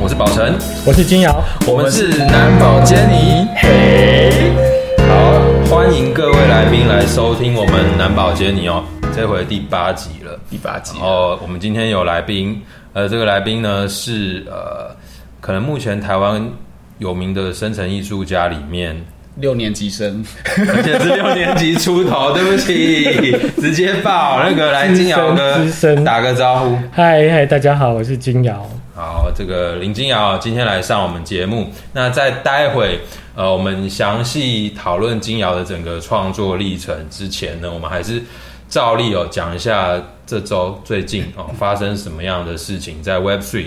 我是寶成，我是經堯，我們是男寶堅尼。嘿，好，歡迎各位來賓來收聽我們男寶堅尼哦，這回第八集了，第八集。哦，我們今天有來賓，呃，這個來賓呢是呃，可能目前台灣有名的生成藝術家裡面六年級生，而且是六年級出頭，對不起，直接報那個來經堯哥打個招呼。嗨嗨，大家好，我是經堯好，這個林經堯今天來上我們節目。那在待會，呃，我們詳細討論經堯的整個創作歷程之前呢，我們還是照例哦講一下這周最近哦發生什麼樣的事情，在 Web3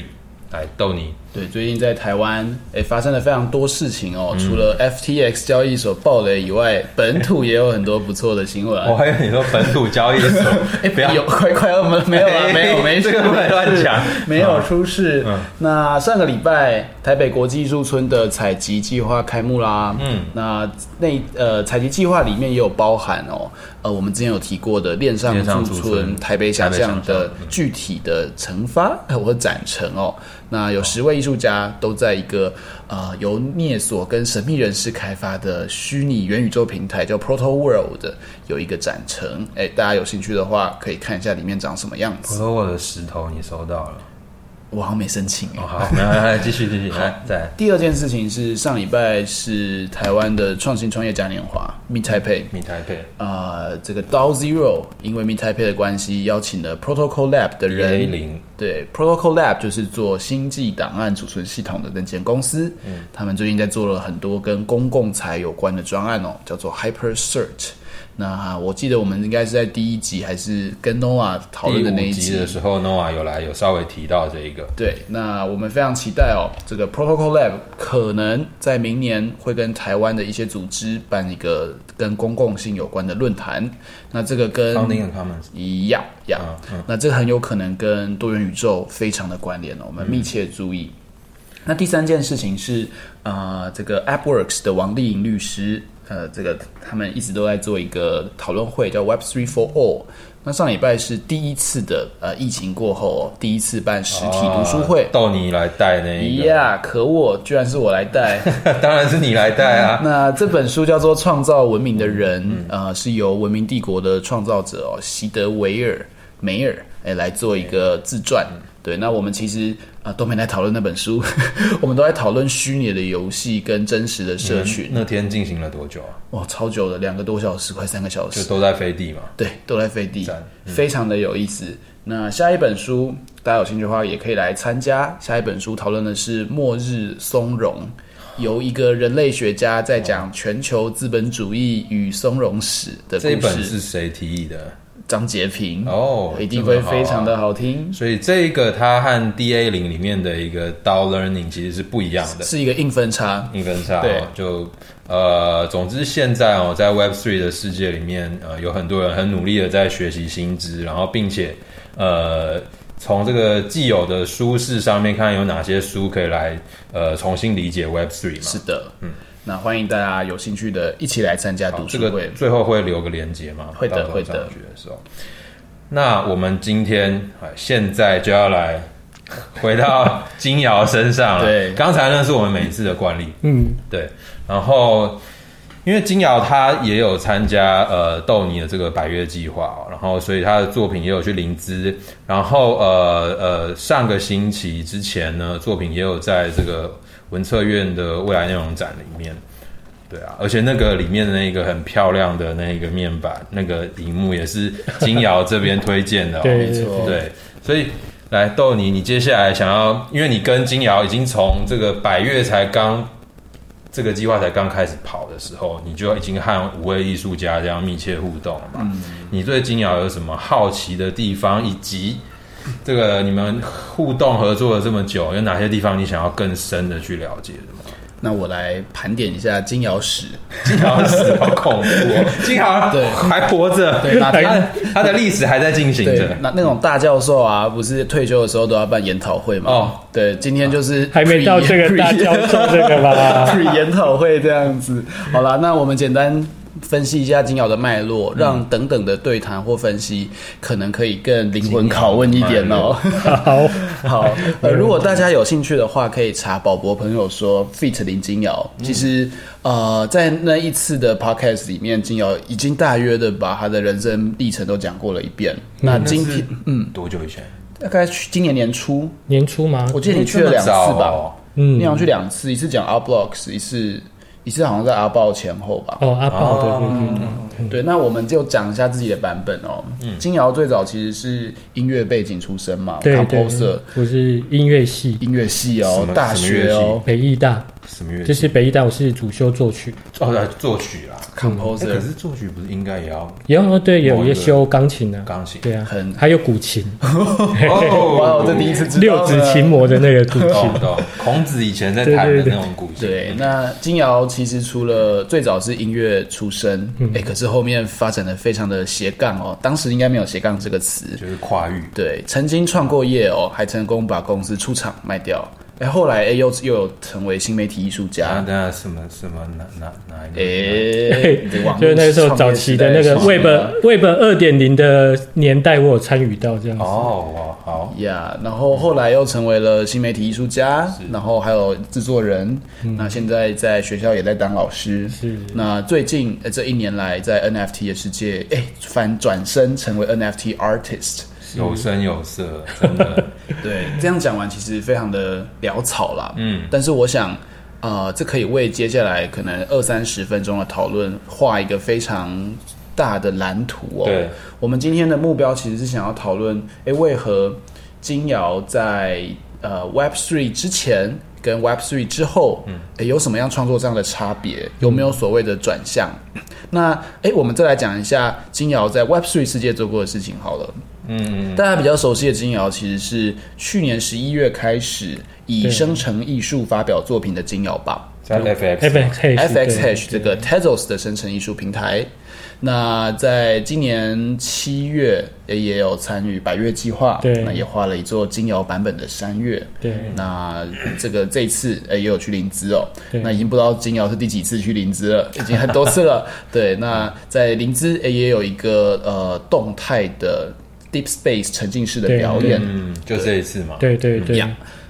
來逗你。對，最近在台灣，哎、欸，發生了非常多事情哦、喔嗯。除了 FTX 交易所暴雷以外，本土也有很多不錯的新聞。我還以為你說本土交易所，哎、 欸，不要有快快，我們沒有了、啊，沒有，欸、沒錯，亂、這、講、個嗯，沒有出事、嗯。那上個禮拜，台北國際藝術村的採集計劃開幕啦。嗯，那那呃，採集計劃裡面也有包含哦、喔，呃，我們之前有提過的鏈上駐村台北下降的具體的成發和展成哦、喔。那有十位藝術家都在一個，呃，由聶索跟神秘人士開發的虛擬元宇宙平台叫 Proto World 有一個展成，哎、欸，大家有興趣的話可以看一下裡面長什麼樣子。p r o o 的石頭你收到了。我好像沒申請哦。好，來繼續繼續。好，再第二件事情是上禮拜是台灣的創新創業嘉年華，Meet Taipei，Meet Taipei 啊、呃。這個 DAO Zero 因為 Meet Taipei 的關係，邀請了 Protocol Lab 的人。人對，Protocol Lab 就是做星際檔案儲存系統的那間公司。嗯，他們最近在做了很多跟公共財有關的專案哦，叫做 Hyper Cert。那、啊、我記得我們應該是在第一集還是跟 Noah 討論的那一集，第五集的時候 Noah 有來有稍微提到這一個。對，那我們非常期待哦，這個 Protocol Lab 可能在明年會跟台灣的一些組織辦一個跟公共性有關的論壇。那這個跟 Funding the Commons 一樣，一樣、哦嗯。那這很有可能跟多元宇宙非常的關聯哦，我們密切注意。嗯、那第三件事情是啊、呃，這個 AppWorks 的王琍瑩律師。呃，這個他們一直都在做一個討論會，叫 Web Three for All。那上禮拜是第一次的，呃，疫情過後第一次辦實體讀書會，哦、到你來帶呢？咦、yeah, 呀，可惡居然是我來帶， 當然是你來帶啊。 那這本書叫做《創造文明的人》，嗯嗯、呃，是由文明帝國的創造者哦，席德維爾梅爾哎來做一個自傳。嗯嗯對，那我們其實啊、呃、都沒來討論那本書， 我們都在討論虛擬的遊戲跟真實的社群。嗯、那天進行了多久啊？哇，超久的，兩個多小時，快三個小時。就都在飛地嘛？對，都在飛地，嗯、非常的有意思。那下一本書，大家有興趣的話，也可以來參加。下一本書討論的是《末日松茸》，由一個人類學家在講全球資本主義與松茸史的故事。這本是誰提議的？張潔平哦，一定會非常的好聽。這個好啊、所以這個它和 D A 零裡面的一個 da0 learning 其實是不一樣的，是,是一個硬分叉。硬、嗯、分叉對，哦、就呃，總之現在哦，在 Web Three 的世界裡面、呃，有很多人很努力的在學習新知，然後並且呃，從這個既有的書式上面看，有哪些書可以來呃重新理解 Web Three？是的，嗯。那歡迎大家有興趣的一起來參加讀書會。這個，最後會留個鏈接嗎？會的、的，會的。那我們今天現在就要來回到經堯身上了。 對，剛才呢是我們每一次的慣例。嗯，對。然後。因為金瑤他也有參加呃豆泥的這個百月計劃、哦，然後所以他的作品也有去林茲，然後呃呃上個星期之前呢作品也有在這個文策院的未來內容展裡面，對啊，而且那個裡面的那個很漂亮的那個面板那個螢幕也是金瑤這邊推薦的、哦，沒錯，對，所以來豆泥，你接下來想要，因為你跟金瑤已經從這個百月才剛。這個計劃才剛開始跑的時候，你就已經和五位藝術家這樣密切互動了嘛？你對經堯有什麼好奇的地方，以及這個你們互動合作了這麼久，有哪些地方你想要更深的去了解的嗎？那我來盤點一下金瑤史，金瑤史好恐怖、哦， 金瑤對還活着，對，對那他，他的歷史還在進行着。那那種大教授啊，不是退休的時候都要辦研討會嘛？哦，對，今天就是 free, 還沒到這個大教授這個吧 研討會這樣子。好了，那我們簡單，分析一下經堯的脈絡，讓等等的對談或分析、嗯、可能可以更靈魂拷問一點哦、喔。啊啊啊、 好，好，呃，如果大家有興趣的話，可以查寶博朋友說 ft. 林經堯，嗯。其實，呃，在那一次的 Podcast 裡面，經堯已經大約的把他的人生歷程都講過了一遍，嗯。那今天，嗯，多久以前？大概今年年初，年初嗎？我記得你去了兩次吧？嗯、欸哦，你好像去兩次，一次講 Art Blocks，一次。你是好像在阿豹前後吧？哦，阿豹對對對，嗯、對、嗯。那我們就講一下自己的版本哦、喔嗯。經堯最早其實是音樂背景出身嘛，Composer 不是音樂系，音樂系哦、喔，大學哦、喔，北藝大。什麼樂器就是北藝大，我是主修作曲哦，對，作曲啦、啊、，composer、欸。可是作曲不是應該也要？也要、啊、對，一個有要修鋼琴的、啊，鋼琴對啊，很還有古琴。 哦、 哇，我這第一次知道六指琴魔的那個古琴。哦。哦孔子以前在彈的那種古琴。對，對，對，對，對，那經堯其實除了最早是音樂出身，哎、嗯欸，可是後面發展的非常的斜槓哦。當時應該沒有斜槓這個詞，就是跨域。對，曾經創過業哦，還成功把公司出廠賣掉。哎，後來又又有成為新媒體藝術家，啊欸欸、那什麼什麼哪哪哪一年？哎，就那時候早期的那個 Web Web 二點零的年代，我有參與到這樣子。哦，哦好呀，yeah, 然後後來又成為了新媒體藝術家，然後還有制作人、嗯，那現在在學校也在當老師。是，那最近、呃、這一年來在 NFT 的世界，欸、反轉身成為 NFT artist。有聲有色，真的。 對，這樣講完其實非常的潦草啦。嗯，但是我想，呃，這可以為接下來可能二三十分鐘的討論畫一個非常大的藍圖哦。對，我們今天的目標其實是想要討論，哎，為何經堯在呃 Web Three 之前跟 Web Three 之後，嗯誒，有什麼樣創作上的差別？有沒有所謂的轉向？嗯、那，哎，我們再來講一下經堯在 Web Three 世界做過的事情好了。嗯，大家比較熟悉的經堯其實是去年十一月開始以生成藝術發表作品的經堯吧，fxhash fxhash 這個 Tezos 的生成藝術平台。那在今年七月也有參與百月計劃，對那也畫了一座經堯版本的山月。對，那這個 這一次也有去林茲哦，那已經不知道經堯是第幾次去林茲了，已經很多次了。 對，那在林茲也有一個呃動態的。Deep Space 沉浸式的表演，嗯，就這一次嘛，對對對。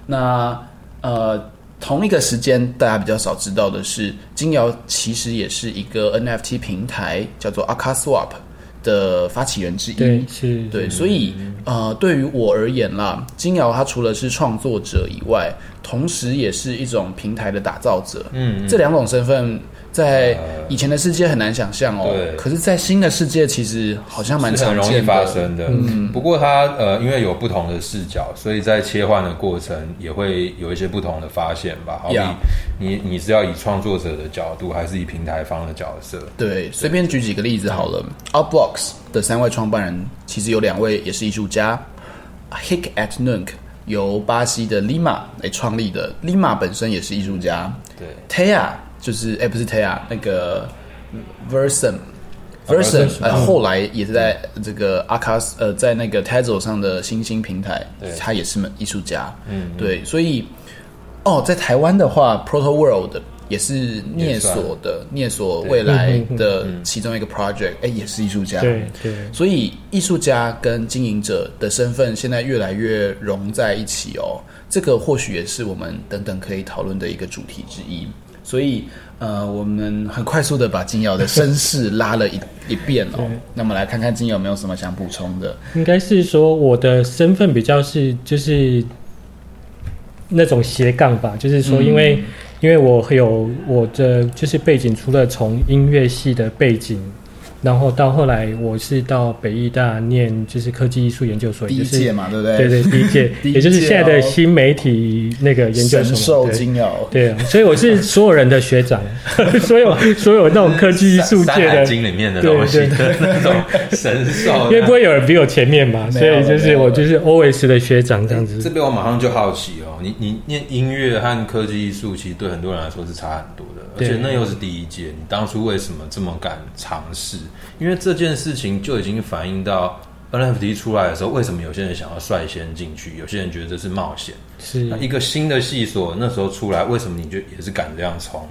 那呃，同一個時間，大家比較少知道的是，經堯其實也是一個 NFT 平台，叫做 akaSwap 的發起人之一。對，對所以、嗯、呃，對於我而言啦，經堯他除了是創作者以外，同時，也是一種平台的打造者。嗯，嗯，這兩種身份在以前的世界很難想象哦、呃。可是，在新的世界，其實好像蠻是很容易發生的。嗯，嗯。不過它，他呃，因為有不同的視角，所以在切換的過程也會有一些不同的發現吧。好比你，你是要以創作者的角度，還是以平台方的角色？嗯、對。隨便舉幾個例子好了。Outbox 的三位創辦人其實有兩位也是藝術家、A、，Hic et Nunc。由巴西的 Lima 來、欸、創立的，Lima 本身也是藝術家。嗯、對 Taya 就是哎，欸、不是 Taya 那個 Versum，Versum 後來也是在這個阿卡斯呃，在那個 Tezos 上的新興平台，對，他也是藝術家。嗯，對，嗯嗯，所以哦，在台灣的話，Proto World。也是涅所的涅所未來的其中一個 project，哎、嗯嗯，也是藝術家，對對。所以藝術家跟經營者的身份現在越來越融在一起哦，這個或許也是我們等等可以討論的一個主題之一。所以呃，我們很快速的把經堯的身世拉了一 一遍哦。那麼來看看經堯有沒有什麼想補充的？應該是說我的身份比較是就是那種斜槓吧，嗯、就是說因為。因為我還有我的就是背景，除了從音樂系的背景。然後到後來，我是到北藝大念就是科技藝術研究所，就是、第一屆嘛，對不對？對對，第一屆，也就是現在的新媒體那個研究所。神獸金對，對，所以我是所有人的學長， 所有所有那種科技藝術界的經裡面的，東西的，對對那種神獸那，因為不會有人比我前面嘛，所以就是我就是 always 的學長這樣子。這邊我馬上就好奇哦，你你念音樂和科技藝術，其實對很多人來說是差很多的，對而且那又是第一屆，你當初為什麼這麼敢嘗試？因為這件事情就已經反映到 NFT 出來的時候，為什麼有些人想要率先進去？有些人覺得這是冒險，是那一個新的系所。那時候出來，為什麼你就也是敢這樣衝？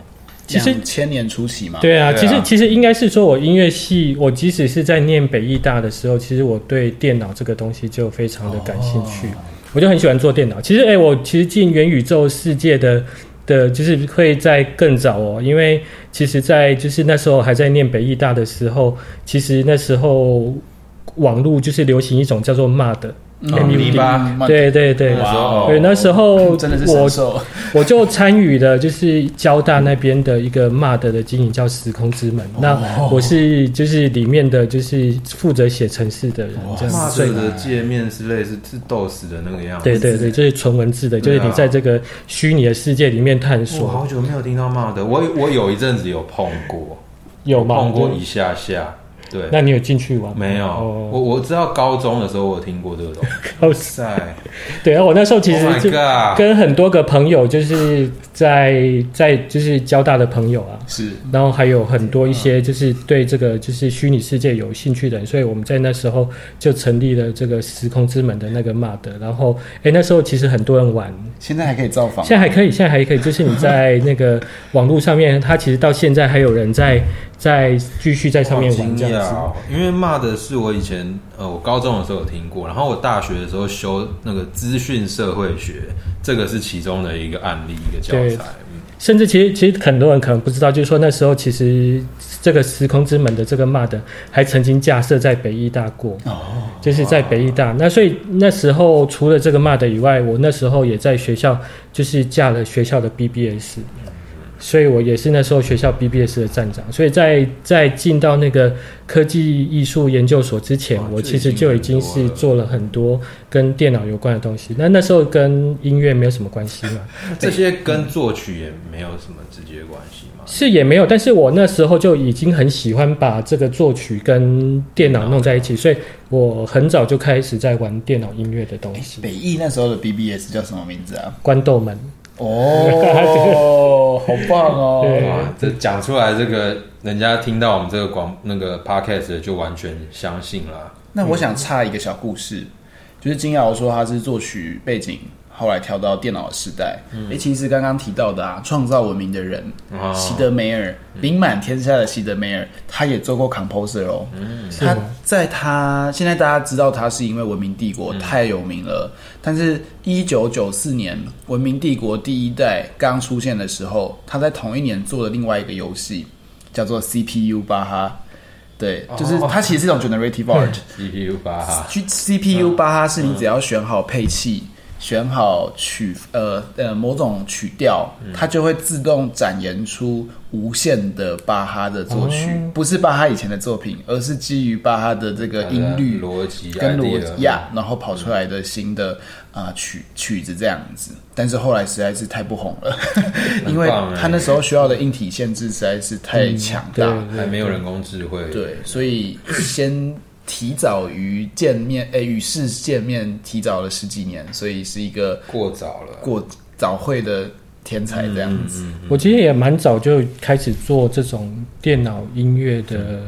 其實千年初期嘛，對啊。其實、啊、其實應該是說我音樂系，我即使是在念北藝大的時候，其實我對電腦這個東西就非常的感興趣，哦、我就很喜歡做電腦。其實哎、欸，我其實進元宇宙世界的。對，就是會再更早哦，因為其實，在就是那時候還在念北藝大的時候，其實那時候網路就是流行一種叫做 MUD。Oh, MUD，對對對，wow. 對那時候，真的是我就參與的就是交大那邊的一個 MUD 的經營，叫時空之門。Oh. 那我是就是裡面的就是負責寫程式的人，哇、oh. 就是，所有的界面之類是 DOS 的那個樣子。對對對，就是純文字的、啊，就是你在這個虛擬的世界裡面探索。好久沒有聽到 MUD 我我有一陣子有碰過，有碰過一下下。嗯對，那你有進去玩沒有？我我知道高中的時候我有聽過這個東西。 哦，塞，對啊，我那時候其實這個跟很多個朋友，就是在在就是交大的朋友啊，是，然後還有很多一些就是對這個就是虛擬世界有興趣的人，所以我們在那時候就成立了這個時空之門的那個 MUD。然後，哎、欸，那時候其實很多人玩，現在還可以造訪，現在還可以，現在還可以，就是你在那個網絡上面，它 其實到現在還有人在在繼續在上面玩這樣。對啊，因為 MUD 是我以前呃，我高中的時候有聽過，然後我大學的時候修那個資訊社會學，這個是其中的一個案例，一個教材。嗯，甚至其實其實很多人可能不知道，就是說那時候其實這個時空之門的這個 MUD，還曾經架設在北藝大過哦，就是在北藝大。那所以那時候除了這個 MUD 以外，我那時候也在學校就是架了學校的 BBS。所以我也是那時候學校 BBS 的站長，所以在在進到那個科技藝術研究所之前，我其實就已經是做了很多跟電腦有關的東西。那那時候跟音樂沒有什麼關係嗎？ 這些跟作曲也沒有什麼直接關係嗎、嗯？是也沒有，但是我那時候就已經很喜歡把這個作曲跟電腦弄在一起，所以我很早就開始在玩電腦音樂的東西。欸、北藝那時候的 BBS 叫什麼名字啊？關豆門。哦、oh, 好棒哦！哇、 啊，這講出來，這個人家聽到我們這個廣那個 podcast 就完全相信啦。那我想插一個小故事，嗯、就是經堯說他是作曲背景。後來跳到電腦的時代，哎、嗯，欸、其實剛剛提到的啊，創造文明的人，席、哦、德梅爾，名、嗯、滿天下的席德梅爾，他也做過 composer 哦，嗯、他在他現在大家知道他是因為文明帝國、嗯、太有名了，但是1994年，一九九四年文明帝國第一代剛出現的時候，他在同一年做了另外一個遊戲，叫做 CPU 巴哈，對，就是它其實是一種 generative art，CPU 巴、嗯、哈，去 CPU 巴哈、嗯、是你只要選好配器。選好曲，呃呃，某種曲調、嗯，它就會自動展延出無限的巴哈的作曲，嗯、不是巴哈以前的作品，而是基於巴哈的這個音律邏輯跟羅亞，啊邏輯 Idea、yeah, 然後跑出來的新的啊、嗯呃、曲曲子這樣子。但是後來實在是太不紅了， 因為他那時候需要的硬體限制實在是太強大、欸嗯，還沒有人工智慧，對，所以先。 提早於見面，誒，與世見面提早了十幾年，所以是一個過早了過早會的天才這樣子。嗯嗯嗯嗯、我其實也蠻早就開始做這種電腦音樂的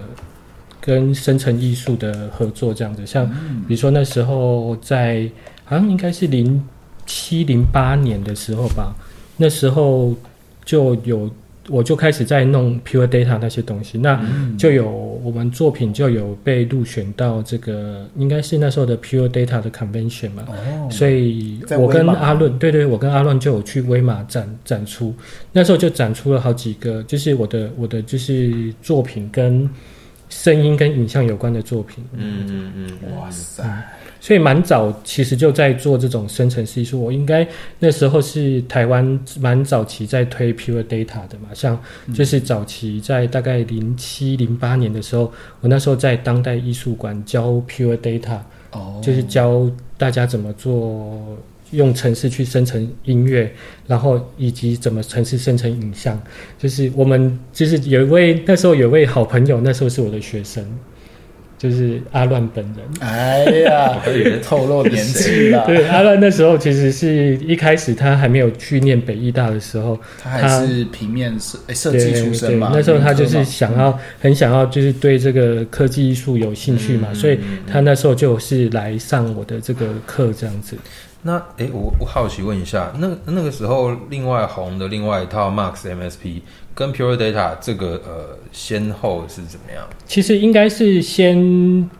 跟生成藝術的合作，這樣子，嗯、像比如說那時候在好像應該是零七零八年的時候吧，那時候就有。我就開始在弄 Pure Data 那些東西，那就有我們作品就有被入選到這個，應該是那時候的 Pure Data 的 Convention 嘛，哦，所以我跟阿倫，對，對對，我跟阿倫就有去威馬展展出，那時候就展出了好幾個，就是我的我的就是作品跟聲音跟影像有關的作品，嗯嗯，哇塞。所以蠻早，其實就在做這種生成式藝術。我應該那時候是台灣蠻早期在推 Pure Data 的嘛，像就是早期在大概零七零八年的時候，我那時候在當代藝術館教 Pure Data，哦、就是教大家怎麼做用程式去生成音樂，然後以及怎麼程式生成影像。就是我們就是有一位那時候有一位好朋友，那時候是我的學生。就是阿亂本人。哎呀， 透露年紀了。 對，阿亂那時候其實是一開始他還沒有去念北藝大的時候，他，他還是平面設設計出身嘛。那時候他就是想要，很想要，就是對這個科技藝術有興趣嘛，嗯，所以他那時候就是來上我的這個課這樣子。那哎，我我好奇問一下，那那個時候另外紅的另外一套 Max MSP 跟 Pure Data 這個呃先後是怎麼樣？其實應該是先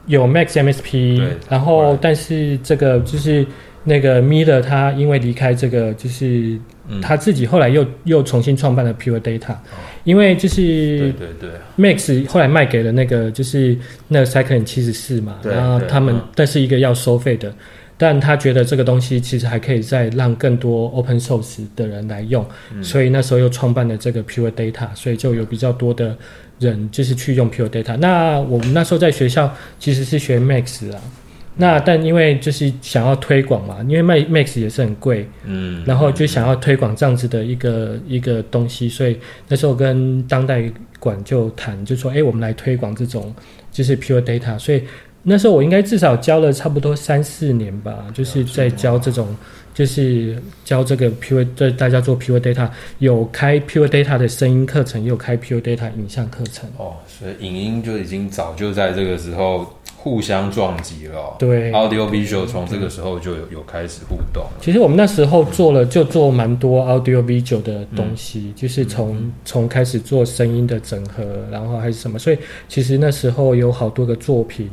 有 Max MSP，對，然後但是這個就是那個 Miller 他因為離開這個，就是他自己後來又、嗯、又重新創辦了 Pure Data，、嗯、因為就是對對對，Max 後來賣給了那個就是那個 Cycling 七十四嘛，然後他們、嗯、但是一個要收費的。但他覺得這個東西其實還可以再讓更多 open source 的人來用，嗯、所以那時候又創辦了這個 pure data，所以就有比較多的人就是去用 pure data。那我們那時候在學校其實是學 max 啊、嗯，那但因為就是想要推廣嘛，因為賣 max 也是很貴，嗯、嗯、嗯、嗯，然後就想要推廣這樣子的一個一個東西，所以那時候跟當代館就談，就說哎，我們來推廣這種就是 pure data，所以。那時候我應該至少教了差不多三四年吧，就是在教這種，就是教這個 Pure 對大家做 Pure Data，有開 Pure Data 的聲音課程，也有開 Pure Data 影像課程。哦、oh,，所以影音,音就已經早就在這個時候互相撞擊了。對，Audio Visual 從這個時候就有有開始互動。其實我們那時候做了就做蠻多 Audio Visual 的東西，嗯、就是從從、嗯、開始做聲音的整合，然後還是什麼，所以其實那時候有好多個作品。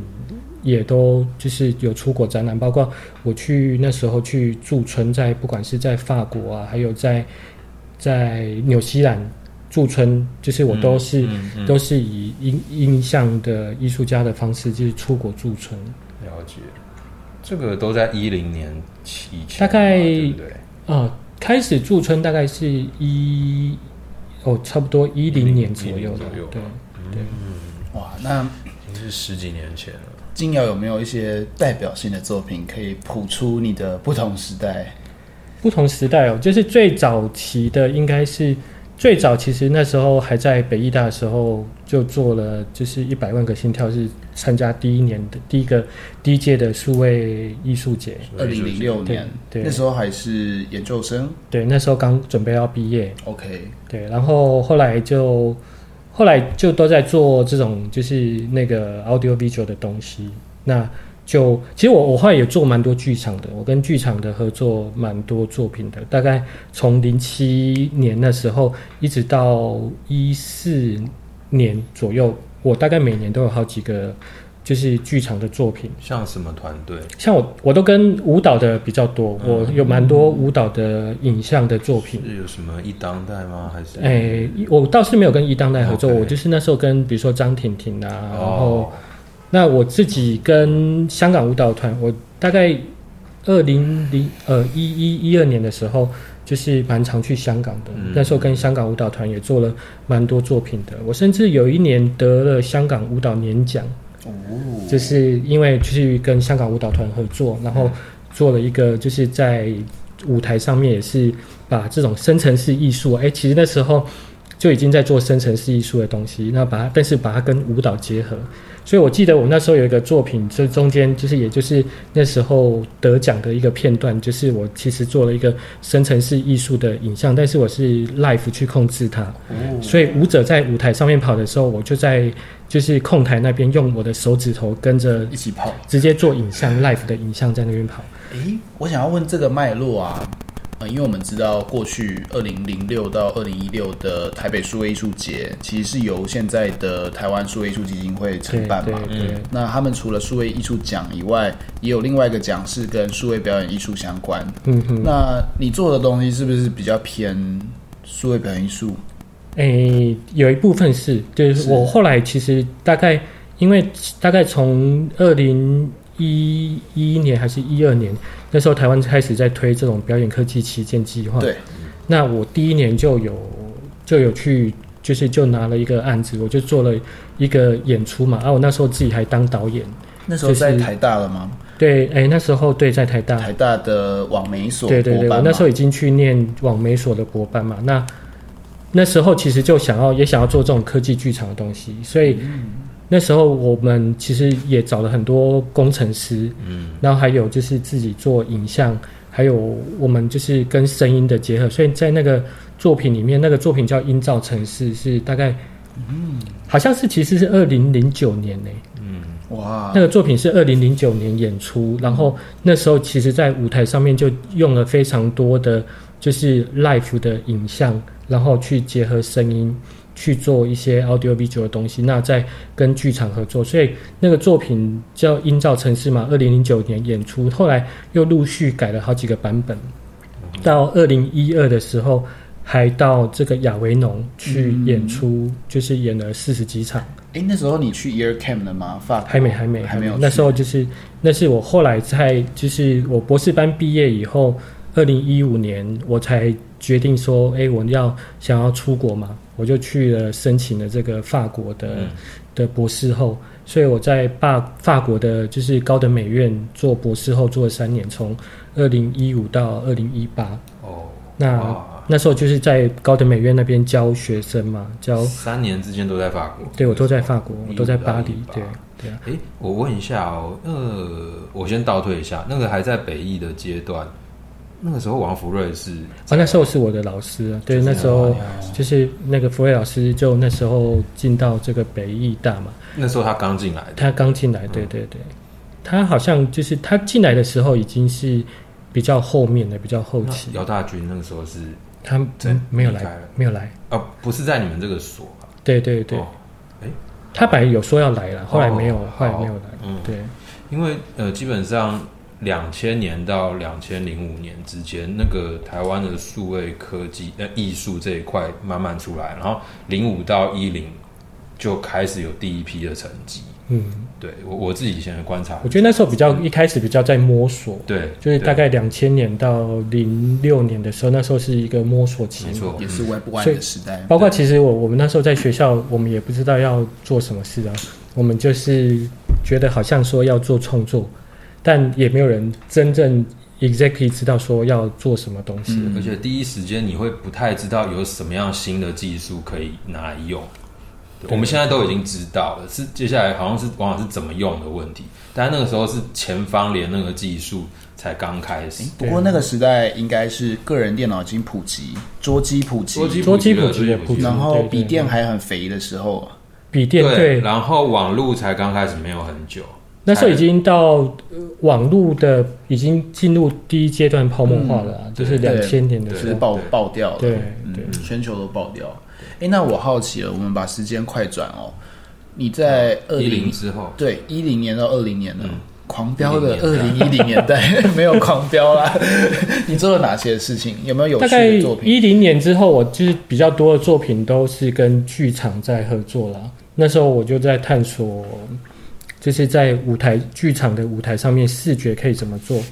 也都就是有出國展覽，包括我去那時候去駐村在，在不管是在法國啊，還有在在紐西蘭駐村，就是我都是、嗯嗯嗯、都是以音音像的藝術家的方式，就是出國駐村。了解，這個都在一零年以前，大概對啊、呃，開始駐村大概是一哦，差不多一零年左右 10, 10左右，對、嗯、對、嗯，哇，那已經是十幾年前了。經堯有沒有一些代表性的作品可以譜出你的不同時代？不同時代哦、喔，就是最早期的應，應該是最早。其實那時候還在北藝大的時候，就做了就是一百萬個心跳，是參加第一年的第一個第一屆的數位藝術節，二零零六年對對。對，那時候還是研究生。對，那時候剛準備要畢業。OK。對，然後後來就。後來就都在做這種，就是那個 audio visual 的東西。那就其實我我後來也做蠻多劇場的，我跟劇場的合作蠻多作品的。大概從零七年那時候，一直到一四年左右，我大概每年都有好幾個。就是劇場的作品，像什麼團隊？像我，我都跟舞蹈的比較多。嗯、我有蠻多舞蹈的影像的作品。是有什麼一當代嗎？還是？哎、欸，我倒是沒有跟一當代合作。Okay. 我就是那時候跟，比如說張婷婷啊，然後、Oh. 那我自己跟香港舞蹈團，我大概二零零呃一一一二年的時候，就是蠻常去香港的、嗯。那時候跟香港舞蹈團也做了蠻多作品的。我甚至有一年得了香港舞蹈年獎。就是因為去跟香港舞蹈團合作，然後做了一個就是在舞台上面也是把這種生成式藝術，哎、欸，其實那時候就已經在做生成式藝術的東西，那把它但是把它跟舞蹈結合。所以，我記得我那時候有一個作品，這中間就是也就是那時候得獎的一個片段，就是我其實做了一個生成式藝術的影像，但是我是 live 去控制它，哦，所以舞者在舞台上面跑的時候，我就在就是控台那邊用我的手指頭跟着一起跑，直接做影像 live 的影像在那邊跑。誒、欸，我想要問這個脈絡啊。因為我們知道過去二零零六到二零一六的台北數位藝術節，其實是由現在的台灣數位藝術基金會承辦嘛。嗯。對，對，對。那他們除了數位藝術獎以外，也有另外一個獎是跟數位表演藝術相關。嗯哼。那你做的東西是不是比較偏數位表演藝術？誒、欸，有一部分是，就是我後來其實大概，因為大概從二零。一一一年還是一二年，那時候台灣開始在推這種表演科技旗艦計劃。對，那我第一年就有就有去，就是就拿了一個案子，我就做了一個演出嘛。啊，我那時候自己還當導演、就是。那時候在台大了嗎？對，哎，那時候對，在台大。台大的網媒所。對對對，我那時候已經去念網媒所的博班嘛。那那時候其實就想要也想要做這種科技劇場的東西，所以。嗯那時候我們其實也找了很多工程師，嗯，然後還有就是自己做影像，還有我們就是跟聲音的結合，所以在那個作品裡面，那個作品叫《音噪城市》，是大概，嗯，好像是其實是二零零九年呢。嗯，哇，那個作品是二零零九年演出，然後那時候其實，在舞台上面就用了非常多的就是 live 的影像，然後去結合聲音。去做一些 audio visual 的東西，那在跟劇場合作，所以那個作品叫《音噪城市》嘛，二零零九年演出，後來又陸續改了好幾個版本，嗯、到二零一二的時候，還到這個亞維農去演出，嗯，就是演了四十幾場。誒、欸，那時候你去 Year Camp 了嗎？發表還沒還沒還沒，還沒有。那時候就是，那是我後來在，就是我博士班畢業以後，二零一五年我才。決定說：“哎、欸，我要想要出國嘛，我就去了申請了這個法國的、嗯、的博士後。所以我在法法國的就是高等美院做博士後，做了三年，從二零一五到二零一八。哦，那那時候就是在高等美院那邊教學生嘛，教三年之間都在法國對。對，我都在法國，18，我都在巴黎。對，對啊。哎、欸，我問一下、喔，呃、那個，我先倒退一下，那個還在北藝的階段。”那個時候，王福瑞是啊、哦，那時候是我的老師、啊。對、就是那時候，那時候就是那個福瑞老師，就那時候進到這個北藝大嘛。那時候他剛進來，來，他剛進來，對對對，他好像就是他進來的時候已經是比較後面的，比較後期。姚大軍那個時候是他真沒有來，沒有來啊，不是在你們這個所，對對對、哦欸，他本來有說要來了、哦，後來沒有、哦，後來沒有來。嗯、哦，對，嗯、因為呃，基本上。兩千年到兩千零五年之間，那個台灣的數位科技呃藝術這一塊慢慢出來，然後零五到一零就開始有第一批的成績。嗯，對，我我自己現在觀察，我覺得那時候比較一開始比較在摸索，對，就是大概兩千年到零六年的時候，那時候是一個摸索期，沒錯，也是 Web One 的時代。包括其實我我們那時候在學校，我們也不知道要做什麼事啊，我們就是覺得好像說要做創作。但也沒有人真正 exactly 知道說要做什麼東西。嗯，而且第一時間你會不太知道有什麼樣新的技術可以拿來用。我們現在都已經知道了，是接下來好像是往往是怎麼用的問題。但那個時候是前方連那個技術才剛開始，欸。不過那個時代應該是個人電腦已經普及，桌機普及，桌機普及，普及，然後筆電還很肥的時候，筆電對、對、對，然後網路才剛開始，沒有很久。那時候已經到、嗯、網絡的，已經進入第一階段泡沫化了、嗯，就是兩千年的時候，就是爆爆掉了對、嗯，對，全球都爆掉了。哎、欸，那我好奇了，我們把時間快轉哦、喔，你在二零之後，對，一零年到二零年了、嗯、狂飆的狂飆的二零一零年代沒有狂飆啦。 你做了哪些事情？有沒有有趣的作品？一零年之後，我就是比較多的作品都是跟劇場在合作啦。那時候我就在探索。就是在舞台劇場的舞台上面，視覺可以怎麼做？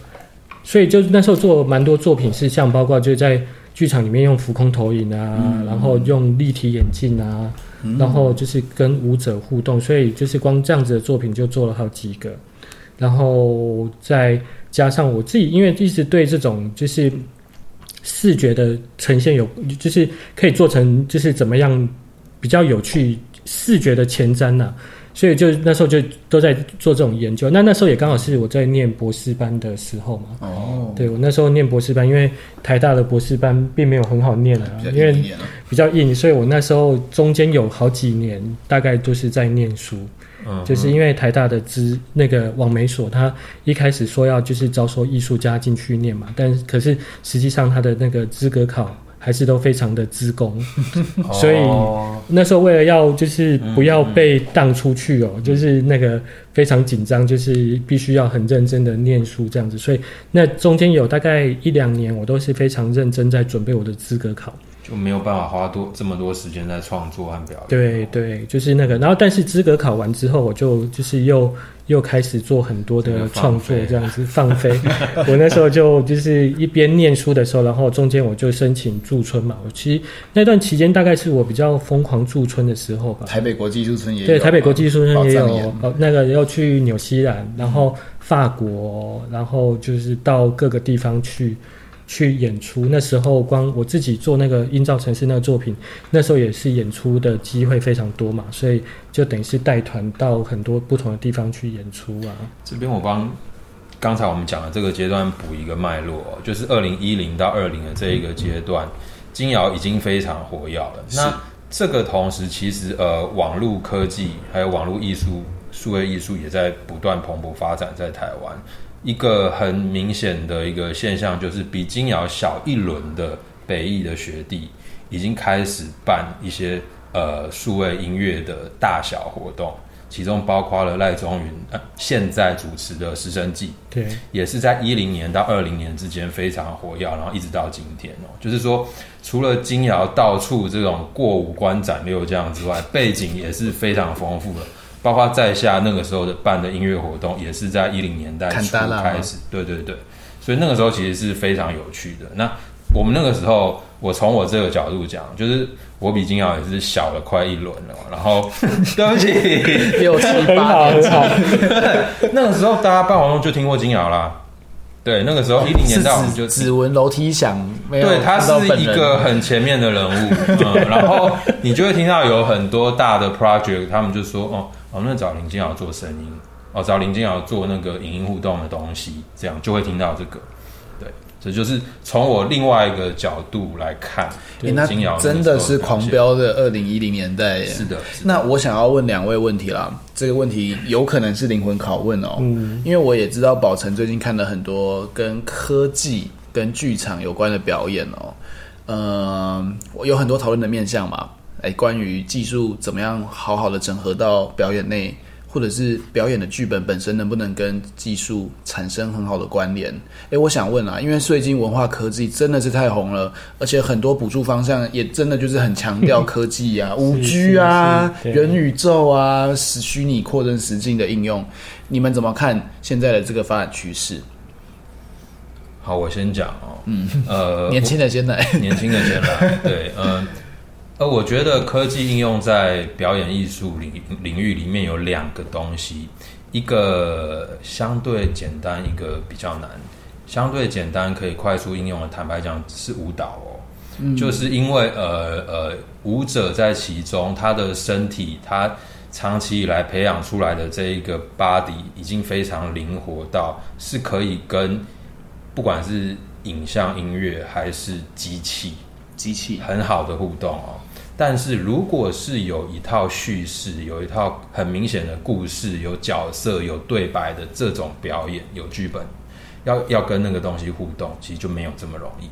所以就那時候做蠻多作品，是像包括就在劇場裡面用浮空投影啊，然後用立體眼鏡啊，然後就是跟舞者互動，所以就是光這樣子的作品就做了好幾個。然後再加上我自己，因為一直對這種就是視覺的呈現有，就是可以做成就是怎麼樣比較有趣視覺的前瞻呢、啊？所以就那時候就都在做這種研究，那那時候也剛好是我在念博士班的時候嘛。哦、oh.，對我那時候念博士班，因為台大的博士班並沒有很好念啊，啊因為比較硬，所以我那時候中間有好幾年大概都是在念書。嗯、uh -huh.，就是因為台大的資那個網媒所，他一開始說要就是招收藝術家進去念嘛，但可是實際上他的那個資格考，還是都非常的資工， 所以那時候為了要就是不要被當出去哦、喔， 嗯嗯，就是那個非常緊張，就是必須要很認真的念書這樣子，所以那中間有大概一兩年，我都是非常認真在準備我的資格考。就沒有辦法花多這麼多時間在創作和表演。對對，就是那個。然後，但是資格考完之後，我就就是又又開始做很多的創作，這樣子放飛。 我那時候就就是一邊念書的時候，然後中間我就申請駐村嘛。我其實那段期間，大概是我比較瘋狂駐村的時候吧。台北國際駐村也有對，台北國際駐村也有、嗯哦、那個要去紐西蘭，然後法國，然後就是到各個地方去。去演出，那時候光我自己做那個音噪城市那個作品，那時候也是演出的機會非常多嘛，所以就等於是帶團到很多不同的地方去演出啊。這邊我幫剛才我們講的這個階段補一個脈絡，就是二零一零到二零的這一個階段，嗯、經堯已經非常活躍了。那這個同時，其實呃，網絡科技還有網絡藝術、數位藝術也在不斷蓬勃發展在台灣。一個很明顯的一個現象，就是比經堯小一輪的北藝的學弟，已經開始辦一些呃數位音樂的大小活動，其中包括了賴宗云現在主持的《失聲祭》，對，也是在一零年到二零年之間非常活躍，然後一直到今天哦，就是說除了經堯到處這種過五關斬六將之外，背景也是非常豐富的。包括在下那個時候的辦的音樂活動，也是在一零年代初開始，對對對，所以那個時候其實是非常有趣的。那我們那個時候，我從我這個角度講，就是我比經堯也是小了快一輪了。然後 對不起，六七八年， 那個時候大家辦活動就聽過經堯了。對，那個時候一零年代我們就只聞樓梯響，對，他是一個很前面的人物，嗯。然後你就會聽到有很多大的 project，他們就說哦，嗯。我、哦、們找林經堯做聲音哦，找林經堯做那個影音互動的東西，這樣就會聽到這個。對，這就是從我另外一個角度來看，林、欸、經堯真的是狂飆的二零一零年代耶是。是的。那我想要問兩位問題啦，這個問題有可能是靈魂拷問哦，嗯、因為我也知道寶成最近看了很多跟科技跟劇場有關的表演哦，嗯、呃，有很多討論的面向嘛。哎，關於技術怎麼樣好好的整合到表演內，或者是表演的劇本本身能不能跟技術產生很好的關聯？哎，我想問啊，因為最近文化科技真的是太紅了，而且很多補助方向也真的就是很強調科技啊，五 G 啊，元宇宙啊，實虛擬擴增實境的應用，你們怎麼看現在的這個發展趨勢？好，我先講哦，嗯，呃，年輕的先來，年輕的先來， 對，嗯、呃。而我覺得科技應用在表演藝術領領域裡面有兩個東西，一個相對簡單，一個比較難。相對簡單可以快速應用的，坦白講是舞蹈哦，就是因為呃呃，舞者在其中他的身體，他長期以來培養出來的這一個 body 已經非常靈活到是可以跟不管是影像、音樂還是機器、機器很好的互動哦。但是，如果是有一套敘事、有一套很明顯的故事、有角色、有對白的這種表演、有劇本，要要跟那個東西互動，其實就沒有這麼容易。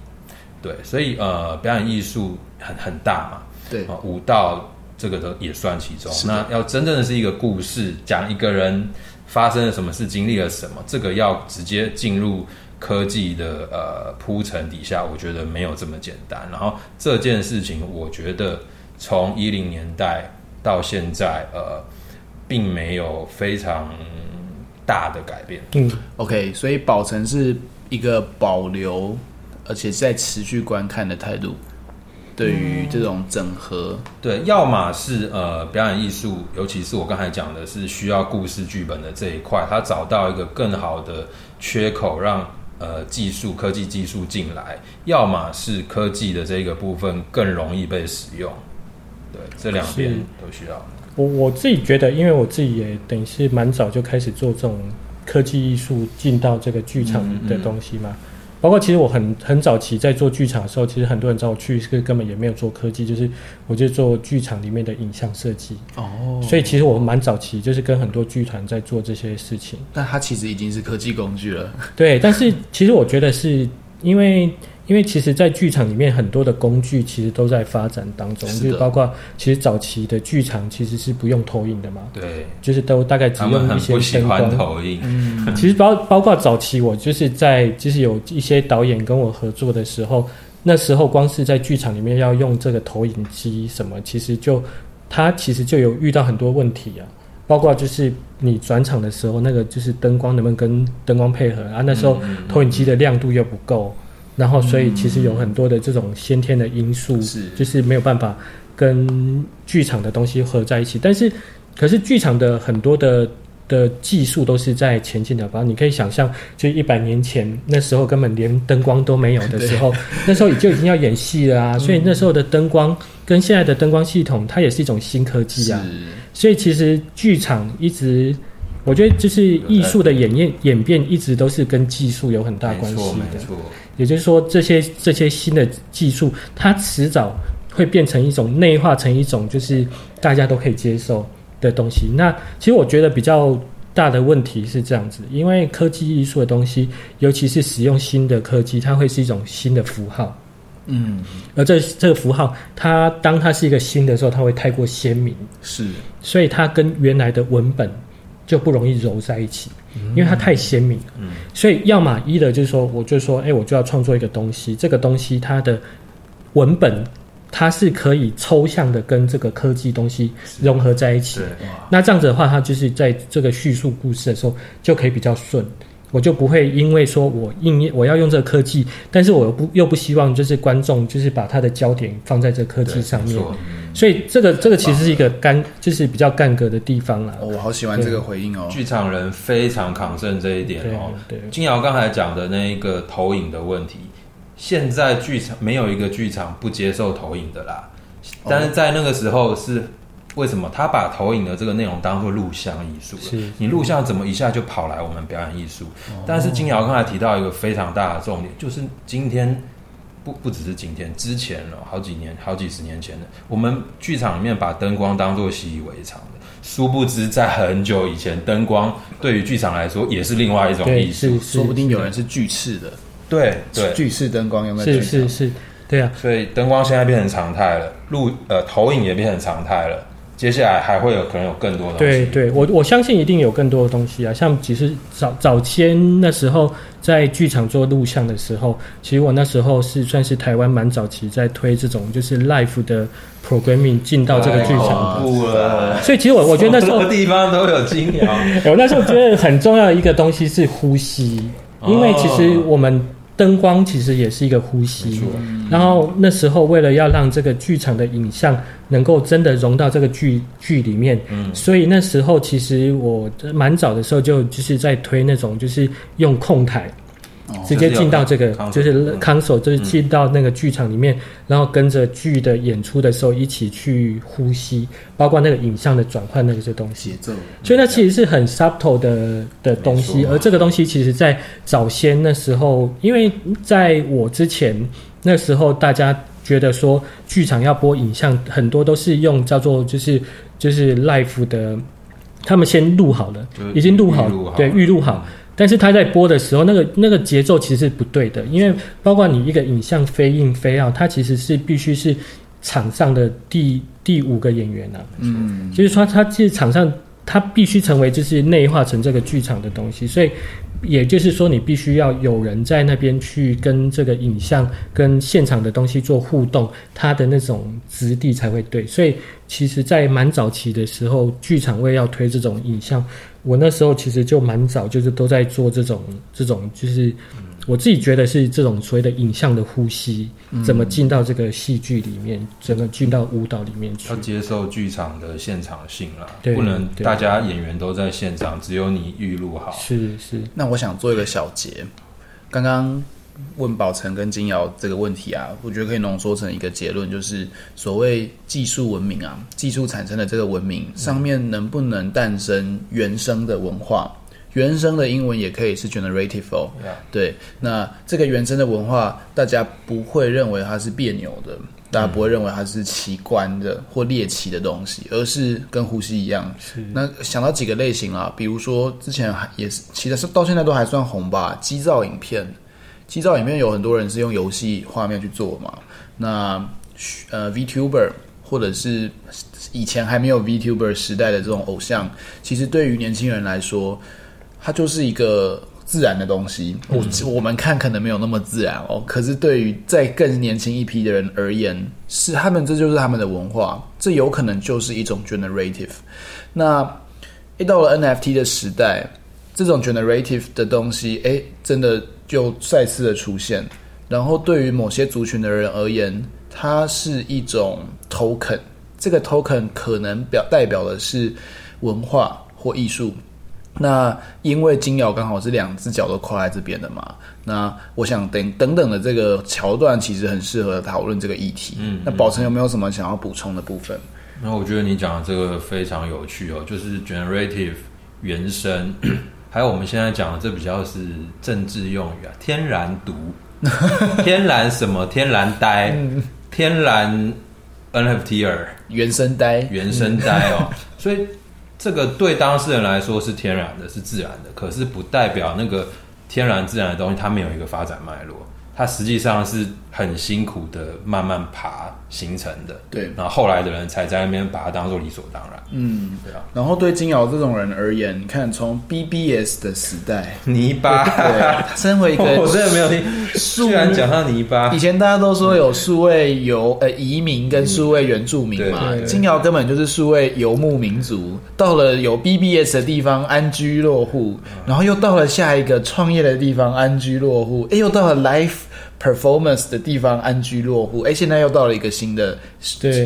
對，所以呃，表演藝術很很大嘛，對，啊、呃，舞蹈這個都也算其中。那要真正的是一個故事，講一個人發生了什麼事、經歷了什麼，這個要直接進入科技的呃鋪陳底下，我覺得沒有這麼簡單。然後這件事情，我覺得。從一零年代到現在，呃，並沒有非常大的改變。嗯，OK，所以寶成是一個保留，而且在持續觀看的態度。對於這種整合，嗯、對，要麼是呃表演藝術，尤其是我剛才講的是需要故事劇本的這一塊，它找到一個更好的缺口讓，讓、呃、技術科技技術進來；要麼是科技的這個部分更容易被使用。對，這兩邊都需要。我我自己覺得，因為我自己也等於是蠻早就開始做這種科技藝術進到這個劇場的東西嘛。包括其實我很很早期在做劇場的時候，其實很多人找我去，是根本也沒有做科技，就是我就做劇場裡面的影像設計。哦，所以其實我蠻早期就是跟很多劇團在做這些事情。但它其實已經是科技工具了。對，但是其實我覺得是因為。因為其實，在劇場裡面很多的工具其實都在發展當中，是就是包括其實早期的劇場其實是不用投影的嘛，對，就是都大概只用一些燈光。他們很不喜歡投影。嗯。 其實包包括早期我就是在就是有一些導演跟我合作的時候，那時候光是在劇場裡面要用這個投影機什麼，其實就他其實就有遇到很多問題啊，包括就是你轉場的時候那個就是燈光能不能跟燈光配合啊？那時候投影機的亮度又不夠。然後，所以其實有很多的這種先天的因素，就是沒有辦法跟劇場的東西合在一起。但是，可是劇場的很多的的技術都是在前進的。反正你可以想象，就一百年前那時候根本連燈光都沒有的時候，那時候就已經要演戲了啊！所以那時候的燈光跟現在的燈光系統，它也是一種新科技啊。所以其實劇場一直，我覺得就是藝術的演變演變一直都是跟技術有很大關係的。也就是說，這些這些新的技術，它遲早會變成一種內化成一種，就是大家都可以接受的東西。那其實我覺得比較大的問題是這樣子，因為科技藝術的東西，尤其是使用新的科技，它會是一種新的符號。嗯，而這這個符號，它當它是一個新的時候，它會太過鮮明，是，所以它跟原來的文本。就不容易揉在一起，因為它太鮮明了。嗯嗯、所以，要麼一的，就是說，我就說，哎、欸，我就要創作一個東西，這個東西它的文本，它是可以抽象的跟這個科技東西融合在一起。那這樣子的話，它就是在這個敘述故事的時候就可以比較順。我就不會因為說我應我要用這個科技，但是我又不又不希望就是觀眾就是把他的焦點放在這個科技上面，嗯、所以這個這個其實是一個干就是比較干戈的地方啦、哦。我好喜歡這個回應哦，劇場人非常抗爭這一點哦。對對經堯剛才講的那一個投影的問題，現在劇場沒有一個劇場不接受投影的啦，哦、但是在那個時候是。為什麼他把投影的這個內容當做錄像藝術？你錄像怎麼一下就跑來我們表演藝術？但是經堯剛才提到一個非常大的重點，就是今天不不只是今天，之前了好幾年、好幾十年前的，我們劇場裡面把燈光當做習以為常，殊不知在很久以前，燈光對於劇場來說也是另外一種藝術。說不定有人是拒斥的，對、嗯、對，對是拒斥燈光有沒有？是是是，對啊。所以燈光現在變成常態了，錄呃投影也變成常態了。接下來還會有可能有更多的東西。對，對我我相信一定有更多的東西啊！像其實早早前那時候在劇場做錄像的時候，其實我那時候是算是台灣蠻早期在推這種就是 live 的 programming 進到這個劇場的，哦了。所以其實我我覺得那時候什麼地方都有經驗。 我那時候覺得很重要的一個東西是呼吸，哦、因為其實我們。燈光其實也是一個呼吸，然後那時候為了要讓這個劇場的影像能夠真的融到這個劇劇裡面，所以那時候其實我蠻早的時候就就是在推那種就是用控台。Oh，直接進到這個，就是 console，就是進、嗯就是、到那個劇場裡面，然後跟着劇的演出的時候一起去呼吸，包括那個影像的轉換那些東西、嗯，所以那其實是很 subtle 的的東西，而這個東西其實在早先那時候，嗯、因為在我之前那時候，大家覺得說劇場要播影像，很多都是用叫做就是就是 live 的，他們先錄好，好了，已經錄好，好了，對，預錄好。但是他在播的時候，那個那個節奏其實是不對的，因為包括你一個影像飛印飛奧，他其實是必須是場上的第第五個演員啊。嗯，嗯，嗯，嗯，就是說，他其實場上，他必須成為就是內化成這個劇場的東西。所以，也就是說，你必須要有人在那邊去跟這個影像、跟現場的東西做互動，他的那種質地才會對。所以，其實，在蠻早期的時候，劇場為要推這種影像。我那時候其實就蠻早，就是都在做這種、這種，就是我自己覺得是這種所謂的影像的呼吸，怎麼進到這個戲劇裡面，嗯、怎麼進到舞蹈裡面去？要接受劇場的現場性了，不能大家演員都在現場，只有你預錄好。是是。那我想做一個小結，剛剛。問寶成跟經堯這個問題啊，我覺得可以濃縮成一個結論，就是所謂技術文明啊，技術產生的這個文明、嗯、上面能不能誕生原生的文化？原生的英文也可以是 generative，、哦是啊、對。那這個原生的文化，大家不會認為它是別扭的、嗯，大家不會認為它是奇觀的或獵奇的東西，而是跟呼吸一樣是。那想到幾個類型啊，比如說之前還也是，其實是到現在都還算紅吧，機造影片。西藏裡面有很多人是用遊戲畫面去做嘛？那呃，VTuber 或者是以前還沒有 VTuber 時代的這種偶像，其實對於年輕人來說，它就是一個自然的東西。嗯、我我們看可能沒有那麼自然哦，可是對於在更年輕一批的人而言，是他們這就是他們的文化，這有可能就是一種 Generative。那哎，一到了 NFT 的時代，這種 Generative 的東西，誒、欸，真的。就再次的出現，然後對於某些族群的人而言，它是一種 token。這個 token 可能表代表的是文化或藝術。那因為經堯剛好是兩隻腳都跨在這邊的嘛，那我想等等等的這個橋段其實很適合討論這個議題。嗯嗯，那寶成有沒有什麼想要補充的部分？那我覺得你講的這個非常有趣哦，就是 generative 原生。 還有我們現在講的，這比較是政治用語啊，天然獨， 天然什麼？天然呆，嗯、天然 NFTR 原生呆？原生呆哦。 所以這個對當事人來說是天然的，是自然的，可是不代表那個天然自然的東西，它沒有一個發展脈絡，它實際上是。很辛苦的慢慢爬形成的。對，然後後來的人才在那邊把它當做理所當然。嗯，對啊。然後對經堯這種人而言，你看從 BBS 的時代泥巴對對，身為一個 我真的沒有聽，雖 然講到泥巴，以前大家都說有數位游呃移民跟數位原住民嘛、嗯，經堯根本就是數位游牧民族，到了有 BBS 的地方安居落戶，然後又到了下一個創業的地方安居落戶，哎、嗯，又到了 Life Performance 的。地方安居落戶，哎，現在又到了一個新的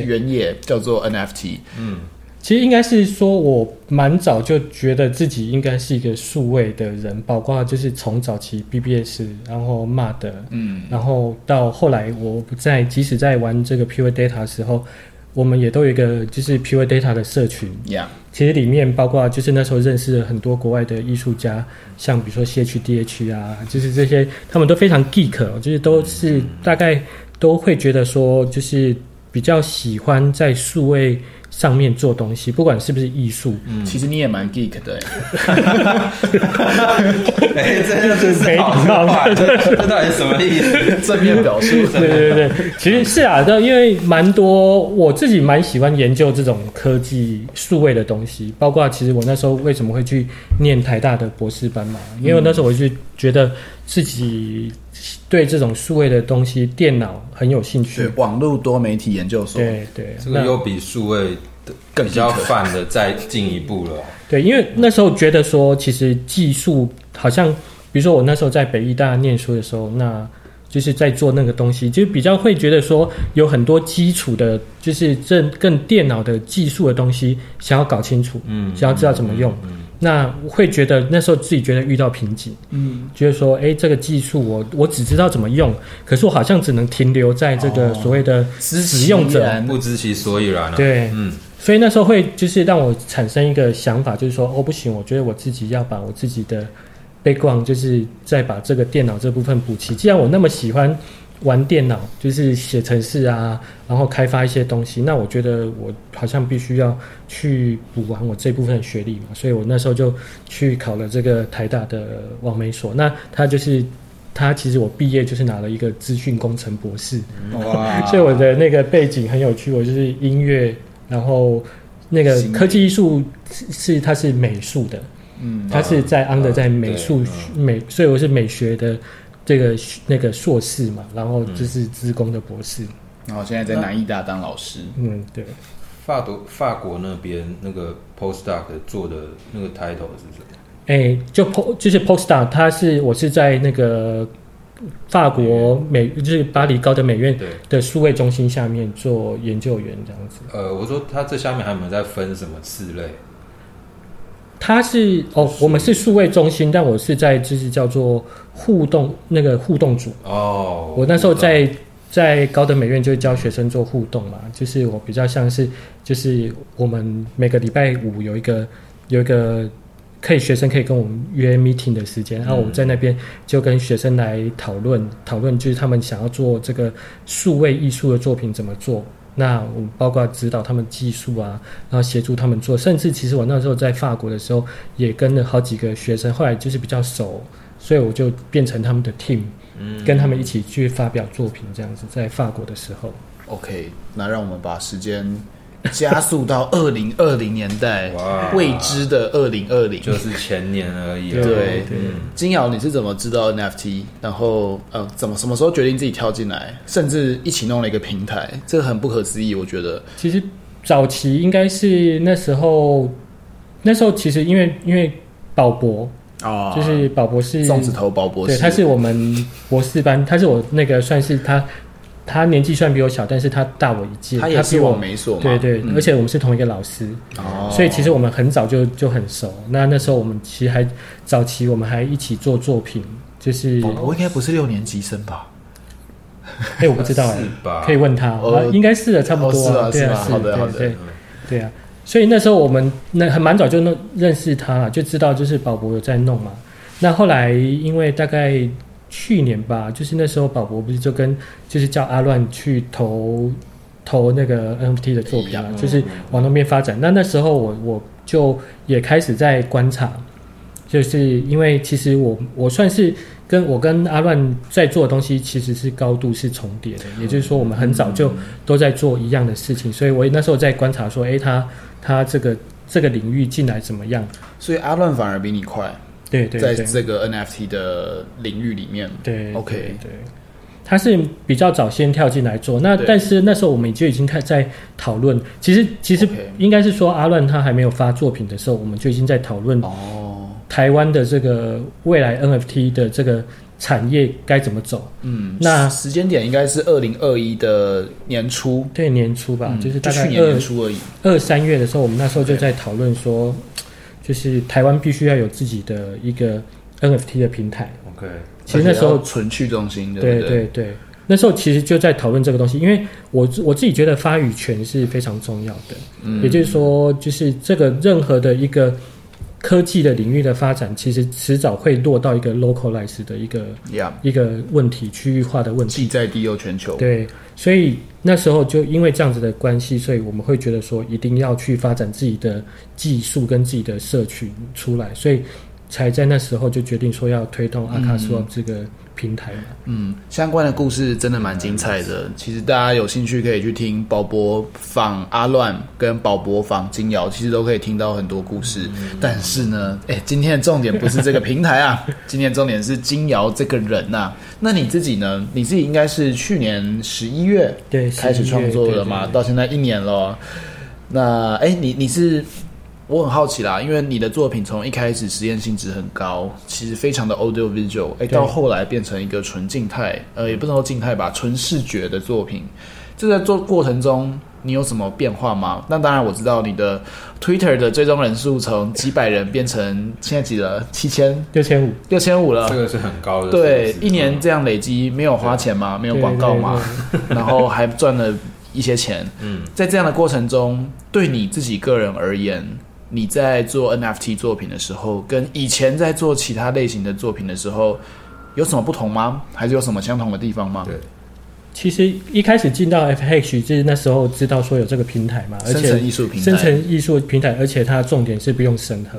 原野，對，叫做 NFT。嗯，其實應該是說，我蠻早就覺得自己應該是一個數位的人，包括就是從早期 BBS，然後 MUD，嗯，然後到後來我不再即使在玩這個 Pure Data 的時候。我們也都有一個就是 Pure Data 的社群，yeah. 其實裡面包括就是那時候認識了很多國外的藝術家，像比如說 C H D H 啊，就是這些，他們都非常 geek，就是都是大概都會覺得說，就是比較喜歡在數位。上面做東西，不管是不是藝術，嗯，其實你也蠻 geek 的，欸。哎 欸，這就真是沒禮貌了。這到底什麼意思？正 面表述？對對對，其實是啊， 因為蠻多，我自己蠻喜歡研究這種科技數位的東西，包括其實我那時候為什麼會去念台大的博士班嘛，因為那時候我就覺得。自己對這種數位的東西、電腦很有興趣。對，網絡多媒體研究所，對對，這個又比數位的更比較泛的再進一步了。對，因為那時候覺得說，其實技術好像，比如說我那時候在北藝大念書的時候，那就是在做那個東西，就比較會覺得說，有很多基礎的，就是這更電腦的技術的東西，想要搞清楚，嗯，想要知道怎麼用。嗯嗯嗯那會覺得那時候自己覺得遇到瓶頸，嗯，就是說，哎、欸，這個技術我我只知道怎麼用，可是我好像只能停留在這個所謂的使用者，哦、知其然不知其所以然、啊。對，嗯，所以那時候會就是讓我產生一個想法，就是說，哦，不行，我覺得我自己要把我自己的 background，就是再把這個電腦這部分補齊。既然我那麼喜歡。玩電腦就是寫程式啊，然後開發一些東西。那我覺得我好像必須要去補完我這部分的學歷嘛，所以我那時候就去考了這個台大的網媒所。那他就是他，其實我畢業就是拿了一個資訊工程博士。嗯、 所以我的那個背景很有趣，我就是音樂，然後那個科技藝術是他是美術的，嗯，他、啊、是在 under 在美術、啊啊啊、美，所以我是美學的。這個那個碩士嘛，然後就是資工的博士，嗯，然後現在在南藝大當老師。嗯，對，法德法國那邊那個 postdoc 做的那個 title 是什麼？哎，欸，就 post 就是 postdoc，他是我是在那個法國美，嗯、就是巴黎高等美院的數位中心下面做研究員這樣子。呃，我說他這下面還有沒有在分什麼次類？他是哦，是，我們是數位中心，但我是在就是叫做互動那個互動組哦。我那時候在、啊、在高等美院就教學生做互動嘛，就是我比較像是就是我們每個禮拜五有一個有一個可以學生可以跟我們約 meeting 的時間，然後我在那邊就跟學生來討論討論，嗯、就是他們想要做這個數位藝術的作品怎麼做。那我包括指導他們技術啊，然後協助他們做，甚至其實我那時候在法國的時候，也跟了好幾個學生，後來就是比較熟，所以我就變成他們的 team，嗯，跟他們一起去發表作品這樣子，在法國的時候。OK，那讓我們把時間。 加速到二零二零年代，未知的二零二零，就是前年而已了對。對，經堯你是怎麼知道 NFT？然後呃，怎麼什麼時候決定自己跳進來，甚至一起弄了一個平台？這個很不可思議，我覺得。其實早期應該是那時候，那時候其實因為因為寶博啊，就是寶博是粽子頭寶博士，寶博對，他是我們博士班，他是我那個算是他。他年紀雖然比我小，但是他大我一屆，他，也我他比我沒錯。對對，嗯、而且我們是同一個老師、哦，所以其實我們很早就就很熟。那那時候我們其實還早期，我們還一起做作品，就是我應該不是六年級生吧？哎，我不知道哎、欸，可以問他，哦，應該是的，差不多，啊，哦，是啊，對啊，是啊的，是對，的對，對啊。所以那時候我們那很，很蠻早就弄認識他就知道就是寶博有在弄嘛。那後來因為大概。去年吧，就是那時候寶博不是就跟就是叫阿亂去投投那個 NFT 的作品啊，就是往那邊發展。那那時候我我就也開始在觀察，就是因為其實我我算是跟我跟阿亂在做的東西其實是高度是重疊的，也就是說我們很早就都在做一樣的事情，嗯嗯嗯。所以我那時候在觀察說，哎、欸，他他這個這個領域進來怎麼樣？所以阿亂反而比你快。對，在這個 NFT 的領域裡面，對，OK，對，對，他是比較早先跳進來，來，來做，那但是那時候我們就已經在討論，其實其實應該是說阿亂他還沒有發作品的時候，我們就已經在討論哦，台灣的這個未來 NFT 的這個產業該怎麼走，嗯，那時間點應該是二零二一的年初，對，年初吧，就是去年年初而已，二三月的時候，我們那時候就在討論說。就是台灣必須要有自己的一個 NFT 的平台。OK，其實那時候純去中心的，對對對，那時候其實就在討論這個東西，因為我我自己覺得話語權是非常重要的，也就是說，就是這個任何的一個。科技的領域的發展，其實遲早會落到一個 localize 的一個、yeah. 一個問題，區域化的問題。既在地又全球，對，所以那時候就因為這樣子的關係，所以我們會覺得說，一定要去發展自己的技術跟自己的社群出來，所以才在那時候就決定說要推動阿卡斯沃這個。嗯平台嗯，相關的故事真的蠻精彩的。其實大家有興趣可以去聽寶博訪阿亂跟寶博訪金瑤，其實都可以聽到很多故事。嗯、但是呢，誒、欸，今天的重點不是這個平台啊， 今天重點是金瑤這個人吶、啊。那你自己呢？ 你自己應該是去年十一月對開始創作的嘛對對對？到現在一年了、哦。那誒、欸，你你是？我很好奇啦，因為你的作品從一開始實驗性質很高，其實非常的 audiovisual，、欸、到後來變成一個純靜態，呃，也不能說靜態吧，純視覺的作品，這在做過程中，你有什麼變化嗎？那當然，我知道你的 Twitter 的追蹤人數從幾百人變成現在幾了， 七千六千五六千五了，這個是很高的對。對，一年這樣累積，沒有花錢嘛、欸，沒有廣告嘛，對對對對 然後還賺了一些錢。 嗯，在這樣的過程中，對你自己個人而言。你在做 NFT 作品的時候，跟以前在做其他類型的作品的時候，有什麼不同嗎？還是有什麼相同的地方嗎？對，其實一開始進到 FH，就是那時候知道說有這個平台嘛，而且生成藝術平台，生成藝術平台，而且它重點是不用審核，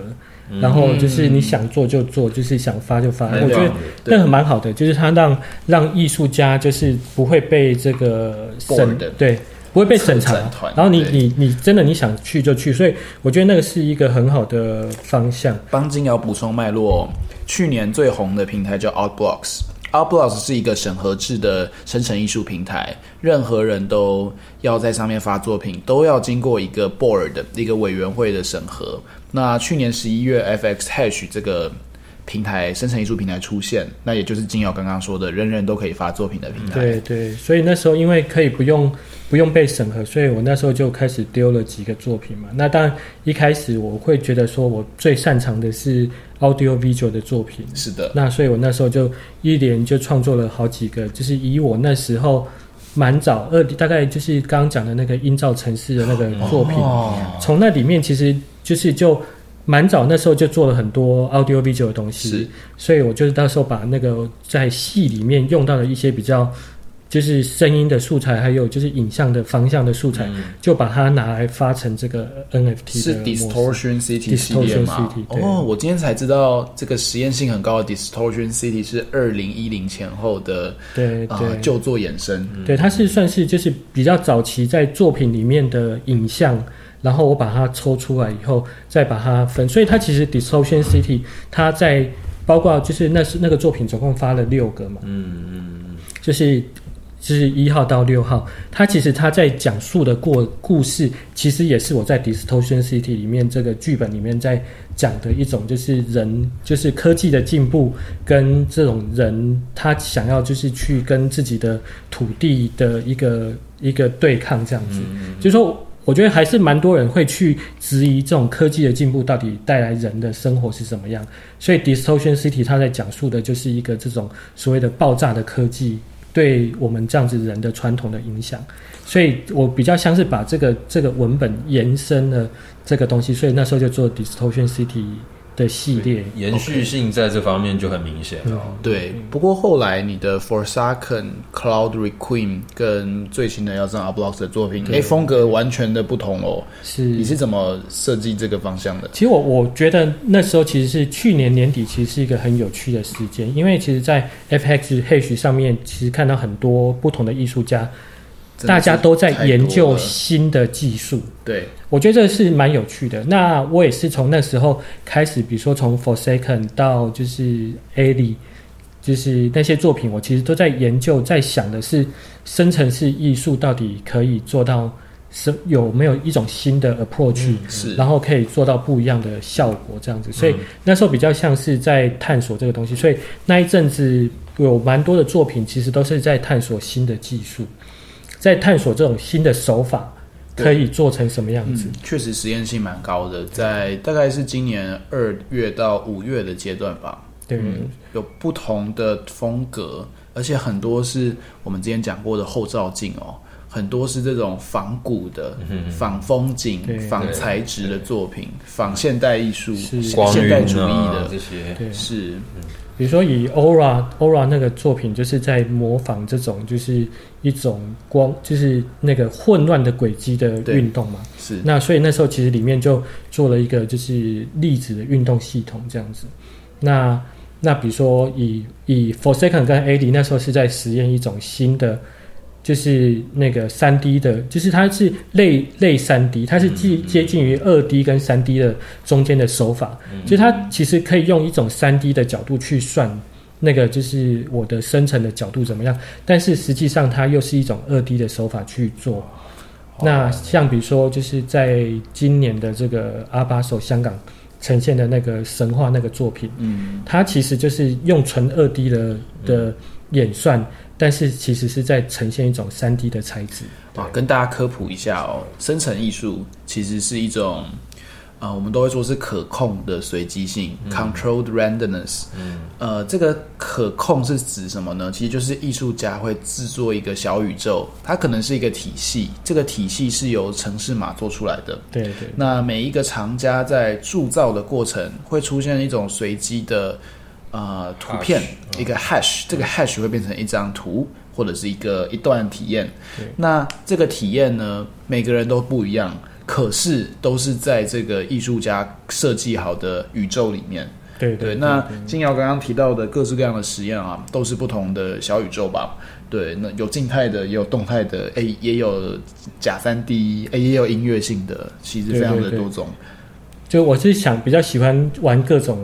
嗯，然後就是你想做就做，就是想發就發，嗯，我覺得那很蠻好的，就是它讓讓藝術家就是不會被這個審，對。會被審查，然後你你你真的你想去就去，所以我覺得那個是一個很好的方向。幫經堯補充脈絡，去年最紅的平台叫 Art Blocks，Art Blocks 是一個審核制的生成藝術平台，任何人都要在上面發作品，都要經過一個 Board 的一個委員會的審核。那去年十一月，FX Hash 這個。平台生成藝術平台出現，那也就是經堯剛剛說的，人人都可以發作品的平台。對對，所以那時候因為可以不用不用被審核，所以我那時候就開始丟了幾個作品嘛。那當一開始我會覺得說，我最擅長的是 audio visual 的作品。是的，那所以我那時候就一連就創作了好幾個，就是以我那時候蠻早二，大概就是剛剛講的那個音噪城市的那個作品，哦，從那裡面其實就是就。蠻早那時候就做了很多 audio visual 的東西，所以我就是到時候把那個在戲裡面用到的一些比較，就是聲音的素材，還有就是影像的方向的素材，嗯、就把它拿來發成這個 NFT。是 Distortion City 系列嗎？Distortion City，對。哦，我今天才知道這個實驗性很高的 Distortion City 是二零一零前後的對對啊舊作衍生、嗯。對，它是算是就是比較早期在作品裡面的影像。然後我把它抽出來以後，再把它分。所以它其實《Distortion City》，它在包括就是那是那個作品總共發了六個嘛？嗯嗯嗯，就是就是一號到六號。它其實它在講述的過故事，其實也是我在《Distortion City》裡面這個劇本裡面在講的一種，就是人，就是科技的進步跟這種人他想要就是去跟自己的土地的一個一個對抗這樣子。就是說。我覺得還是蠻多人會去質疑這種科技的進步到底帶來人的生活是怎麼樣。所以《Distortion City》它在講述的就是一個這種所謂的爆炸的科技對我們這樣子人的傳統的影響。所以我比較像是把這個這個文本延伸了這個東西，所以那時候就做《Distortion City》。的系列延續性在這方面就很明顯 okay, 對、哦、對，不過後來你的 Forsaken Cloud Requiem 跟最新的要上 Art Blocks 的作品，哎，風格完全的不同哦。是，你是怎麼設計這個方向的？其實我我覺得那時候其實是去年年底，其實是一個很有趣的時間，因為其實在 FX Hash 上面，其實看到很多不同的藝術家。大家都在研究新的技術，對，我覺得這是蠻有趣的。那我也是從那時候開始，比如說從 Forsaken 到就是 Ali，就是那些作品，我其實都在研究，在想的是生成式藝術到底可以做到是有沒有一種新的 approach，嗯，是，然後可以做到不一樣的效果這樣子。所以那時候比較像是在探索這個東西，所以那一陣子有蠻多的作品，其實都是在探索新的技術。在探索這種新的手法可以做成什麼樣子？嗯，確實實驗性蠻高的，在大概是今年二月到五月的階段吧。對，嗯，有不同的風格，而且很多是我們之前講過的後照鏡哦。很多是這種仿古的、嗯哼、仿風景、仿材質的作品，仿現代藝術、是現代主義的、啊、這些，對，是。嗯、比如說以歐拉歐拉那個作品，就是在模仿這種就是一種光，就是那個混亂的軌迹的運動嘛。是。那所以那時候其實裡面就做了一個就是粒子的運動系統這樣子。那那比如說以以4 Second 跟 Adi 那時候是在實驗一種新的。就是那個三 D 的，就是它是類類三 D，它是接接近於二 D 跟三 D 的中間的手法。其實、嗯、嗯、它其實可以用一種三 D 的角度去算那個，就是我的生成的角度怎麼樣。但是實際上它又是一種二 D 的手法去做。哦、那像比如說，就是在今年的這個阿巴手香港呈現的那個神話那個作品，嗯，它其實就是用純二 D 的的演算。但是其實是在呈現一種三 D 的材質啊，跟大家科普一下哦。生成藝術其實是一種、呃，我們都會說是可控的隨機性、嗯、（controlled randomness）。嗯，呃，這個可控是指什麼呢？其實就是藝術家會製作一個小宇宙，它可能是一個體系，這個體系是由程式碼做出來的。對對、對。那每一個藏家在鑄造的過程會出現一種隨機的。呃，圖片 Hush，一個 hash、哦、這個 hash 會變成一張圖、嗯、或者是一個一段體驗。那這個體驗呢，每個人都不一樣，可是都是在這個藝術家設計好的宇宙裡面。對對、對、對。那經堯剛剛提到的各式各樣的實驗啊，對對對對，都是不同的小宇宙吧？對，那有靜態的，也有動態的，哎、欸，也有假三 D，哎，也有音樂性的，其實非常的多種對對對對。就我是想比較喜歡玩各種。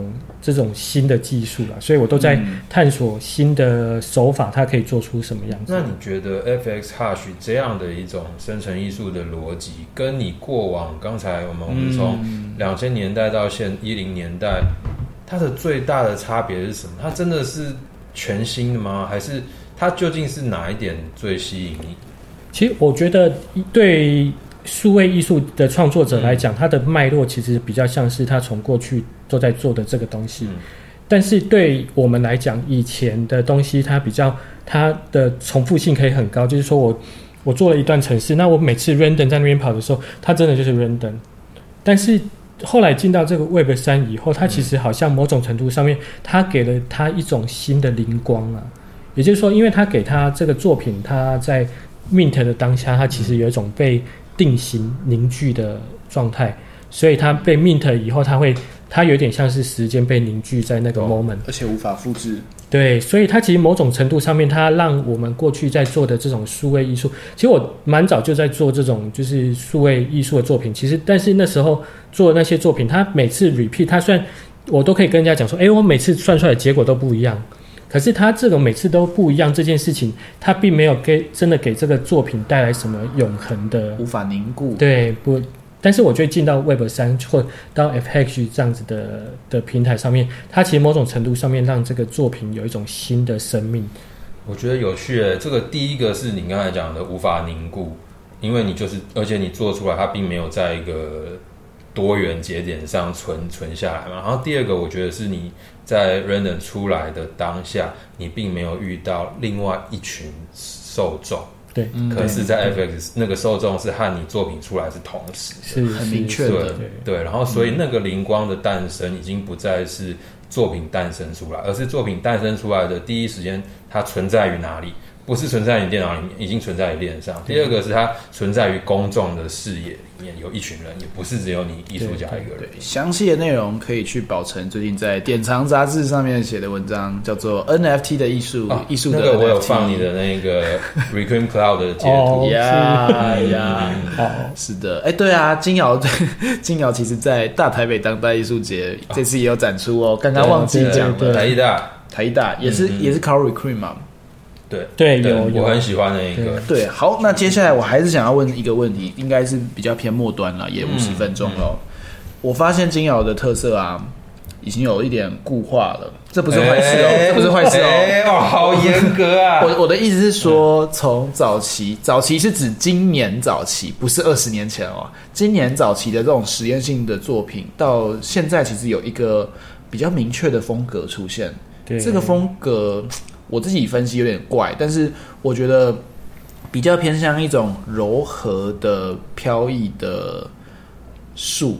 這種新的技術啦，所以我都在探索新的手法，它可以做出什麼樣子，嗯。那你覺得 fxhash 這樣的一種生成藝術的邏輯，跟你過往剛才我們從兩千年代到現一零年代，它的最大的差別是什麼？它真的是全新的嗎？還是它究竟是哪一點最吸引你？其實我覺得對。數位藝術的創作者來講、嗯，他的脈絡其實比較像是他從過去都在做的這個東西。嗯、但是對我們來講，以前的東西它比較它的重複性可以很高，就是說我我做了一段程式，那我每次 random 在那邊跑的時候，它真的就是 random。但是後來進到這個 Web 三以後，它其實好像某種程度上面，它給了他一種新的靈光啊。也就是說，因為他給他這個作品，他在 mint 的當下，他其實有一種被。定型凝聚的狀態，所以它被 mint 了以後，它會它有點像是時間被凝聚在那個 moment，而且無法複制。對，所以它其實某種程度上面，它讓我們過去在做的這種數位藝術，其實我蠻早就在做這種就是數位藝術的作品。其實，但是那時候做的那些作品，它每次 repeat，它雖然我都可以跟人家講說，哎、欸，我每次算出來的結果都不一樣。可是它這種每次都不一樣這件事情，它並沒有給真的給這個作品帶來什麼永恆的無法凝固。對，不，但是我覺得進到 Web3 或到 FH 這樣子的的平台上面，它其實某種程度上面讓這個作品有一種新的生命。我覺得有趣、欸，這個第一個是你剛才講的無法凝固，因為你就是而且你做出來它並沒有在一個。多元節點上存存下來嘛，然後第二個，我覺得是你在 render 出來的當下，你並沒有遇到另外一群受眾，對，嗯、對，可是在 FX、嗯、那個受眾是和你作品出來是同時，是，是很明確的對對，對，然後所以那個靈光的誕生，已經不再是作品誕生出來、嗯，而是作品誕生出來的第一時間，它存在於哪裡？不是存在你電腦裡面，已經存在你鏈上。第二個是它存在於公眾的視野裡面，有一群人，也不是只有你藝術家一個人。詳細的內容可以去保存最近在典藏雜誌上面寫的文章，叫做 NFT 的藝術藝術的。那個我有放你的那個 Recruit Cloud 的截圖。呀，是的，哎、欸，對啊，金瑤，金瑤其實，在大台北當代藝術節這次也有展出哦，剛剛忘記講了。台藝大，台藝大也是嗯嗯也是靠 Recruit 嘛。對，有，我很喜歡的一、那個對。對，好，那接下來我還是想要問一個問題，應該是比較偏末端了，也五十分鐘了、嗯嗯。我發現經堯的特色啊，已經有一點固化了，這不是壞事哦、喔，欸、這不是壞事哦、喔欸欸。哇，好嚴格啊！ 我我的意思是說，從早期，早期是指今年早期，不是二十年前哦、喔。今年早期的這種實驗性的作品，到現在其實有一個比較明確的風格出現，對這個風格。我自己分析有點怪，但是我覺得比較偏向一種柔和的飄逸的樹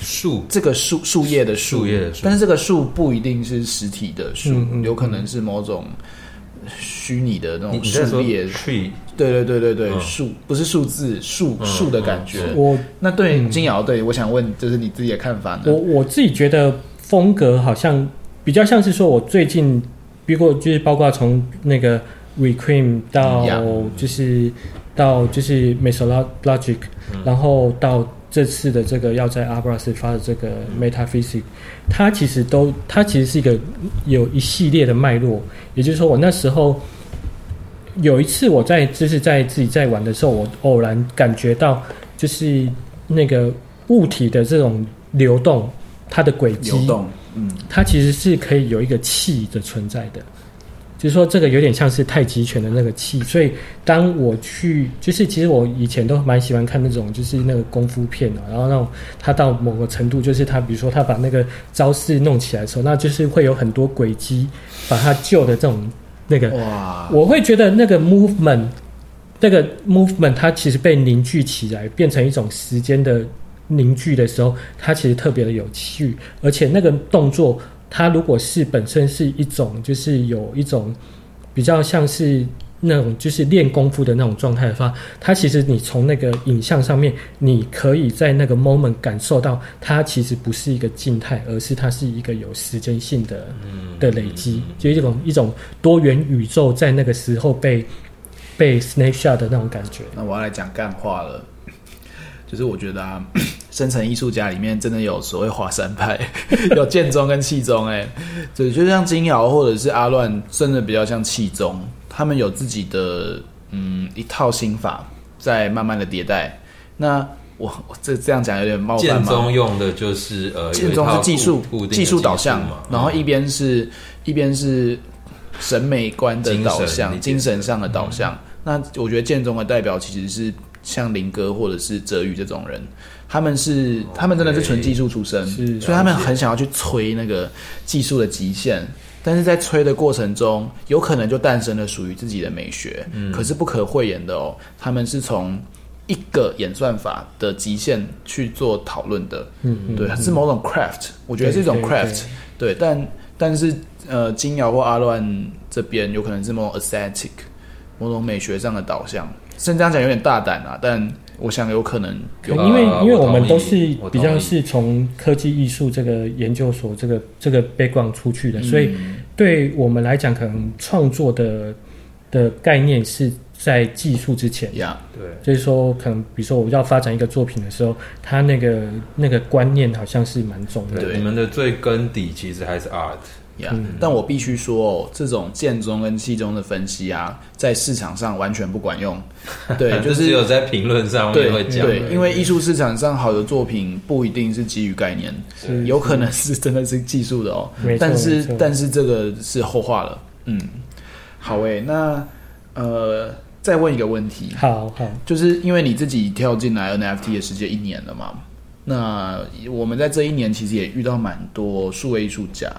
樹，這個樹樹葉的樹葉，但是這個樹不一定是實體的樹、嗯嗯，有可能是某種虛擬的那種樹葉。對對對樹、嗯、不是數字樹樹、嗯、的感覺。我、嗯嗯、那對經堯，對、嗯、我,我想問，就是你自己的看法呢？我我自己覺得風格好像比較像是說，我最近。不過就是包括從那個 Requiem 到就是、yeah. 到就是 Meta Logic，、yeah. 然後到這次的這個要在 Art Blocks 發的這個 Metaphysics，、yeah. 它其實都它其實是一個有一系列的脈絡。也就是說，我那時候有一次我在就是在自己在玩的時候，我偶然感覺到就是那個物體的這種流動，它的軌跡。流動嗯，它其實是可以有一個氣的存在的，就是說這個有點像是太極拳的那個氣。所以當我去，就是其實我以前都蠻喜歡看那種，就是那個功夫片啊。然後那種他到某個程度，就是他比如說他把那個招式弄起來的時候，那就是會有很多軌跡把它救的這種那個。哇！我會覺得那個 movement，那個 movement，它其實被凝聚起來，變成一種時間的。凝聚的時候，它其實特別的有趣，而且那個動作，它如果是本身是一種，就是有一種比較像是那種就是練功夫的那種狀態的話，它其實你從那個影像上面，你可以在那個 moment 感受到，它其實不是一個靜態，而是它是一個有時間性的，嗯，的累積，嗯，就是一種一種多元宇宙在那個時候被被 snapshot 的那種感覺。那我要來講幹話了。可、就是我覺得啊，生成藝術家裡面真的有所謂華山派， 有劍宗跟氣宗哎、欸，就 就像金瑤或者是阿亂，真的比較像氣宗，他們有自己的嗯一套心法在慢慢的迭代。那我，我這這樣講有點冒犯嗎？劍宗用的就是呃，劍宗是技術技術導向嘛，然後一邊是、嗯，一邊是審美觀的導向，精神，的精神上的導向。嗯、那我覺得劍宗的代表其實是。像林哥或者是澤宇這種人，他們是 okay，他們真的是純技術出身，所以他們很想要去催那個技術的極限，但是在催的過程中，有可能就誕生了屬於自己的美學。嗯、可是不可諱言的哦，他們是從一個演算法的極限去做討論的。嗯，嗯，嗯，對，是某種 craft，我覺得是一種 craft 對對對對。對，但但是呃，經堯或阿亂這邊有可能是某種 aesthetic，某種美學上的導向。正這樣講有點大膽啊，但我想有可能有、啊，可能因為因為我們都是比較是從科技藝術這個研究所這個這個 background 出去的，所以對我們來講，可能創作的的概念，是在技術之前。對、yeah.，所以說可能比如說我要發展一個作品的時候，他那個那個觀念好像是蠻重要的對。你們的最根底其實還是 art。Yeah, 嗯、但我必須說哦，這種劍宗跟氣宗的分析啊，在市場上完全不管用。 對，就是 就只有在評論上才會講。對，因為藝術市場上好的作品不一定是基於概念，是是，有可能是真的是技術的哦。但是，但是這個是後話了。嗯，好喂、欸嗯、那呃，再問一個問題。好好，就是因為你自己跳進來 NFT 的時間一年了嘛、嗯？那我們在這一年其實也遇到蠻多數位藝術家。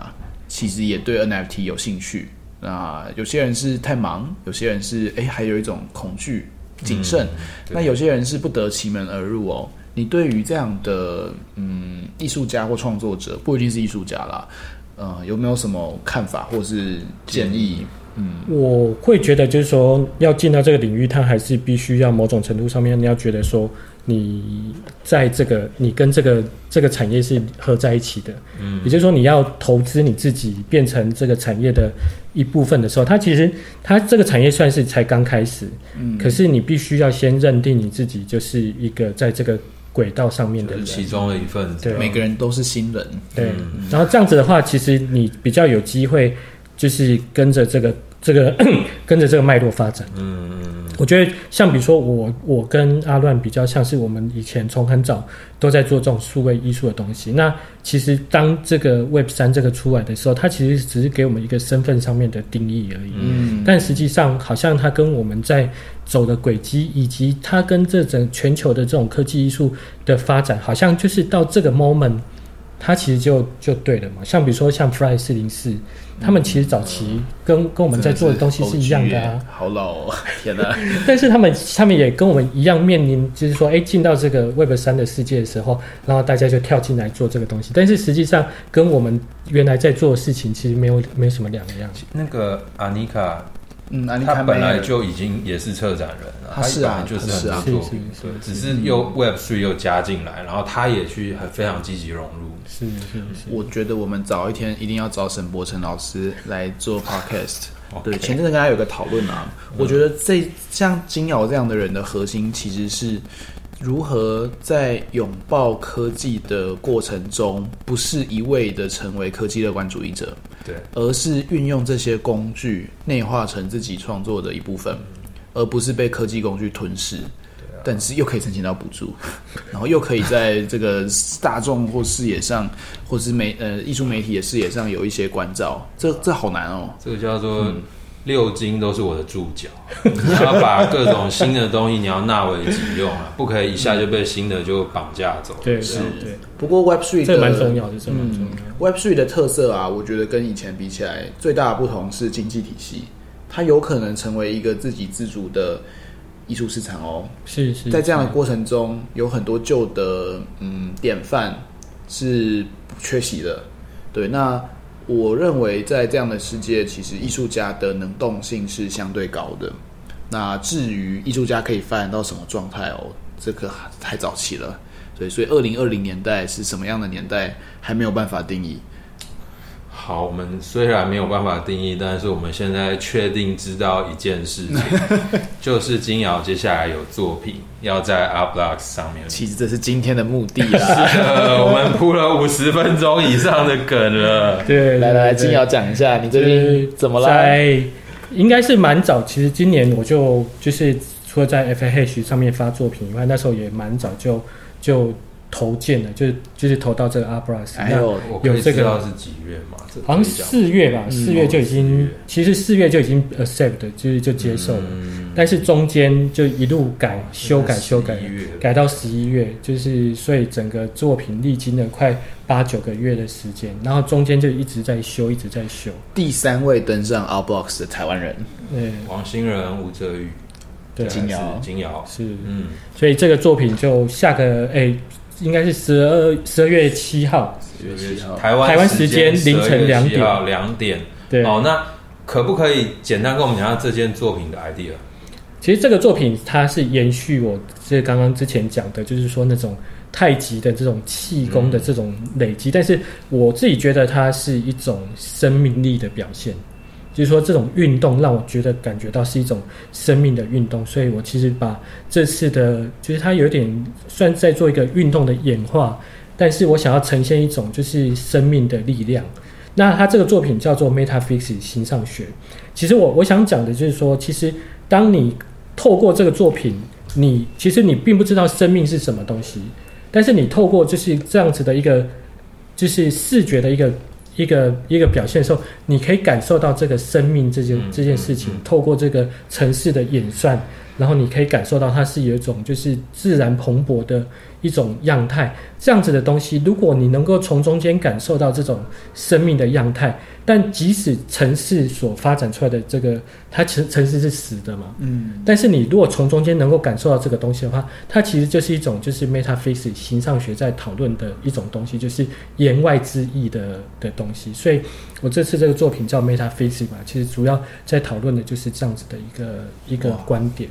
其實也對 NFT 有興趣，那有些人是太忙，有些人是誒、欸，還有一種恐懼謹慎、嗯，那有些人是不得其門而入哦。對，你對於這樣的嗯藝術家或創作者，不一定是藝術家啦，呃有沒有什麼看法或是建議？嗯，嗯我會覺得就是說要進到這個領域，他還是必須要某種程度上面你要覺得說。你在這個，你跟這個這個產業是合在一起的，嗯，也就是說，你要投資你自己變成這個產業的一部分的時候，它其實它這個產業算是才剛開始，嗯，可是你必須要先認定你自己就是一個在這個軌道上面的人，其中的一份，對，每個人都是新人，對，然後這樣子的話，其實你比較有機會，就是跟着這個這個 跟着這個脈絡發展，嗯嗯。我覺得，像比如說我我跟阿亂比較，像是我們以前從很早都在做這種數位藝術的東西。那其實當這個 Web 三這個出來的時候，它其實只是給我們一個身份上面的定義而已。嗯。但實際上，好像它跟我們在走的軌跡，以及它跟這整全球的這種科技藝術的發展，好像就是到這個 moment，它其實就就對了嘛。像比如說像 Fly 404。他們其實早期跟跟我們在做的東西是一樣的啊，好老，天哪！但是他們他們也跟我們一樣面臨，就是說，誒、欸、進到這個 Web 三的世界的時候，然後大家就跳進來做這個東西，但是實際上跟我們原來在做的事情其實沒有沒有什麼兩個樣子。那個阿妮卡。嗯、啊，他本來就已經也是策展人了，嗯、他是啊，就是很多對、啊，只是又 Web Three 又加進來，然後他也去很非常積極融入。是是是，是，我覺得我們早一天一定要找沈博辰老師來做 Podcast、okay.。對，前陣子跟他有個討論啊，我覺得這像經堯這樣的人的核心其實是。如何在擁抱科技的過程中，不是一味的成為科技樂觀主義者，對，而是運用這些工具內化成自己創作的一部分、嗯，而不是被科技工具吞噬。啊、但是又可以申請到補助， 然後又可以在這個大眾或視野上， 或是媒呃藝術媒體的視野上有一些關照，這這好難哦。這個叫做、嗯。六經都是我的注腳，你 要把各種新的東西，你要納為己用啊，不可以一下就被新的就綁架走。 對，是，對。不過 Web Three 這蠻、個、重要的，是、這、蠻、個、重要。嗯、Web Three 的特色啊，我覺得跟以前比起來，最大的不同是經濟體系，它有可能成為一個自給自足的藝術市場哦。是是，在這樣的過程中，有很多舊的嗯典範是缺席的。對，那。我認為在這樣的世界，其實藝術家的能動性是相對高的。那至於藝術家可以發展到什麼狀態哦，這個太早期了。所以，所以二零二零年代是什麼樣的年代，還沒有辦法定義。好，我們雖然沒有辦法定義，嗯、但是我們現在確定知道一件事情， 就是經堯接下來有作品要在 Art Blocks 上面。其實這是今天的目的啦、啊。是的 我們鋪了五十分鐘以上的梗了。 對，對，對，對，來來來，經堯講一下你，你這邊怎麼了？在應該是蠻早，其實今年我就就是除了在 fxhash 上面發作品以外，那時候也蠻早就就。投件了，就是就是投到這個 Art Blocks，還有有這個是幾月嘛？好像四月吧，四月就已經，嗯、其實四月就已經 accept 就是就接受了，嗯、但是中間就一路改，修改修改，改到十一月，就是所以整個作品歷經了快八九個月的時間，然後中間就一直在修，一直在修。嗯、第三位登上 Art Blocks 的台灣人，嗯欸、王新仁、吳哲宇，金瑤，金瑤是，嗯，所以這個作品就下個誒。欸應該是十二十二月七號，台灣台灣時間凌晨兩點兩點。對，哦，那可不可以簡單跟我們講下這件作品的 idea？其實這個作品它是延續我這剛剛之前講的，就是說那種太極的這種氣功的這種累積，但是我自己覺得它是一種生命力的表現。就是說，這種運動讓我覺得感覺到是一種生命的運動，所以我其實把這次的，就是它有點算在做一個運動的演化，但是我想要呈現一種就是生命的力量。那他這個作品叫做《Metaphysics》形上學。其實我我想講的就是說，其實當你透過這個作品，你其實你並不知道生命是什麼東西，但是你透過就是這樣子的一個就是視覺的一個。一個一個表現的時候，你可以感受到這個生命這件嗯嗯嗯嗯這件事情，透過這個程式的演算。然後你可以感受到它是有一種就是自然蓬勃的一種樣態，這樣子的東西，如果你能夠從中間感受到這種生命的樣態，但即使城市所發展出來的這個，它城城市是死的嘛，嗯，但是你如果從中間能夠感受到這個東西的話，它其實就是一種就是 Metaphysics 形上學在討論的一種東西，就是言外之意的的東西。所以，我這次這個作品叫 Metaphysics 嘛，其實主要在討論的就是這樣子的一個一個觀點。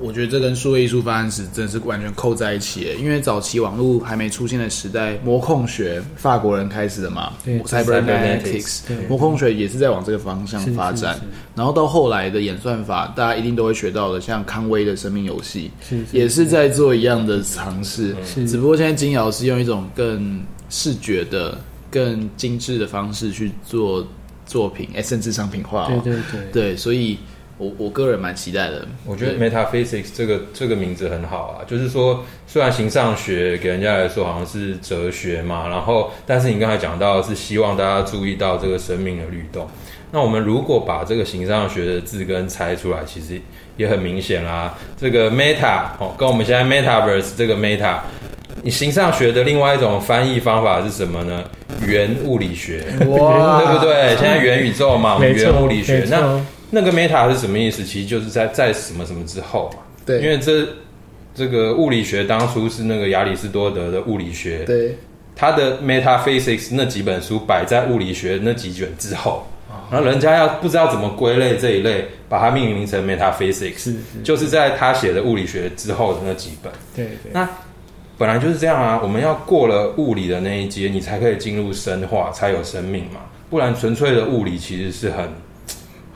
我覺得這跟數位藝術發展史真的是完全扣在一起，因為早期網絡還沒出現的時代，模控學，法國人開始的嘛，Cybernetics，模控學也是在往這個方向發展。然後到後來的演算法，大家一定都會學到的，像康威的生命遊戲，也是在做一樣的嘗試。只不過現在經堯是用一種更視覺的、更精緻的方式去做作品，哎、欸，甚至商品化、喔。對對對，對，所以。我我個人蠻期待的。我覺得 Metaphysics 這個這個名字很好啊，就是說，雖然形上學給人家來說好像是哲學嘛，然後，但是你剛才講到的是希望大家注意到這個生命的律動。那我們如果把這個形上學的字根拆出來，其實也很明顯啦。這個 Meta 哦、喔，跟我們現在 Metaverse 這個 Meta，你形上學的另外一種翻譯方法是什麼呢？元物理學，哇， 對不對？現在元宇宙嘛， 我們元物理學那。那個 meta 是什麼意思？其實就是在在什麼什麼之後嘛。對，因為這這個物理學當初是那個亞里士多德的物理學，對，他的 metaphysics 那幾本書擺在物理學那幾卷之後、哦，然後人家要不知道怎麼歸類這一類，把它命名成 metaphysics，是是，是，就是在他寫的物理學之後的那幾本。對，對對。那本來就是這樣啊，我們要過了物理的那一節、嗯，你才可以進入生化，才有生命嘛。不然純粹的物理其實是很。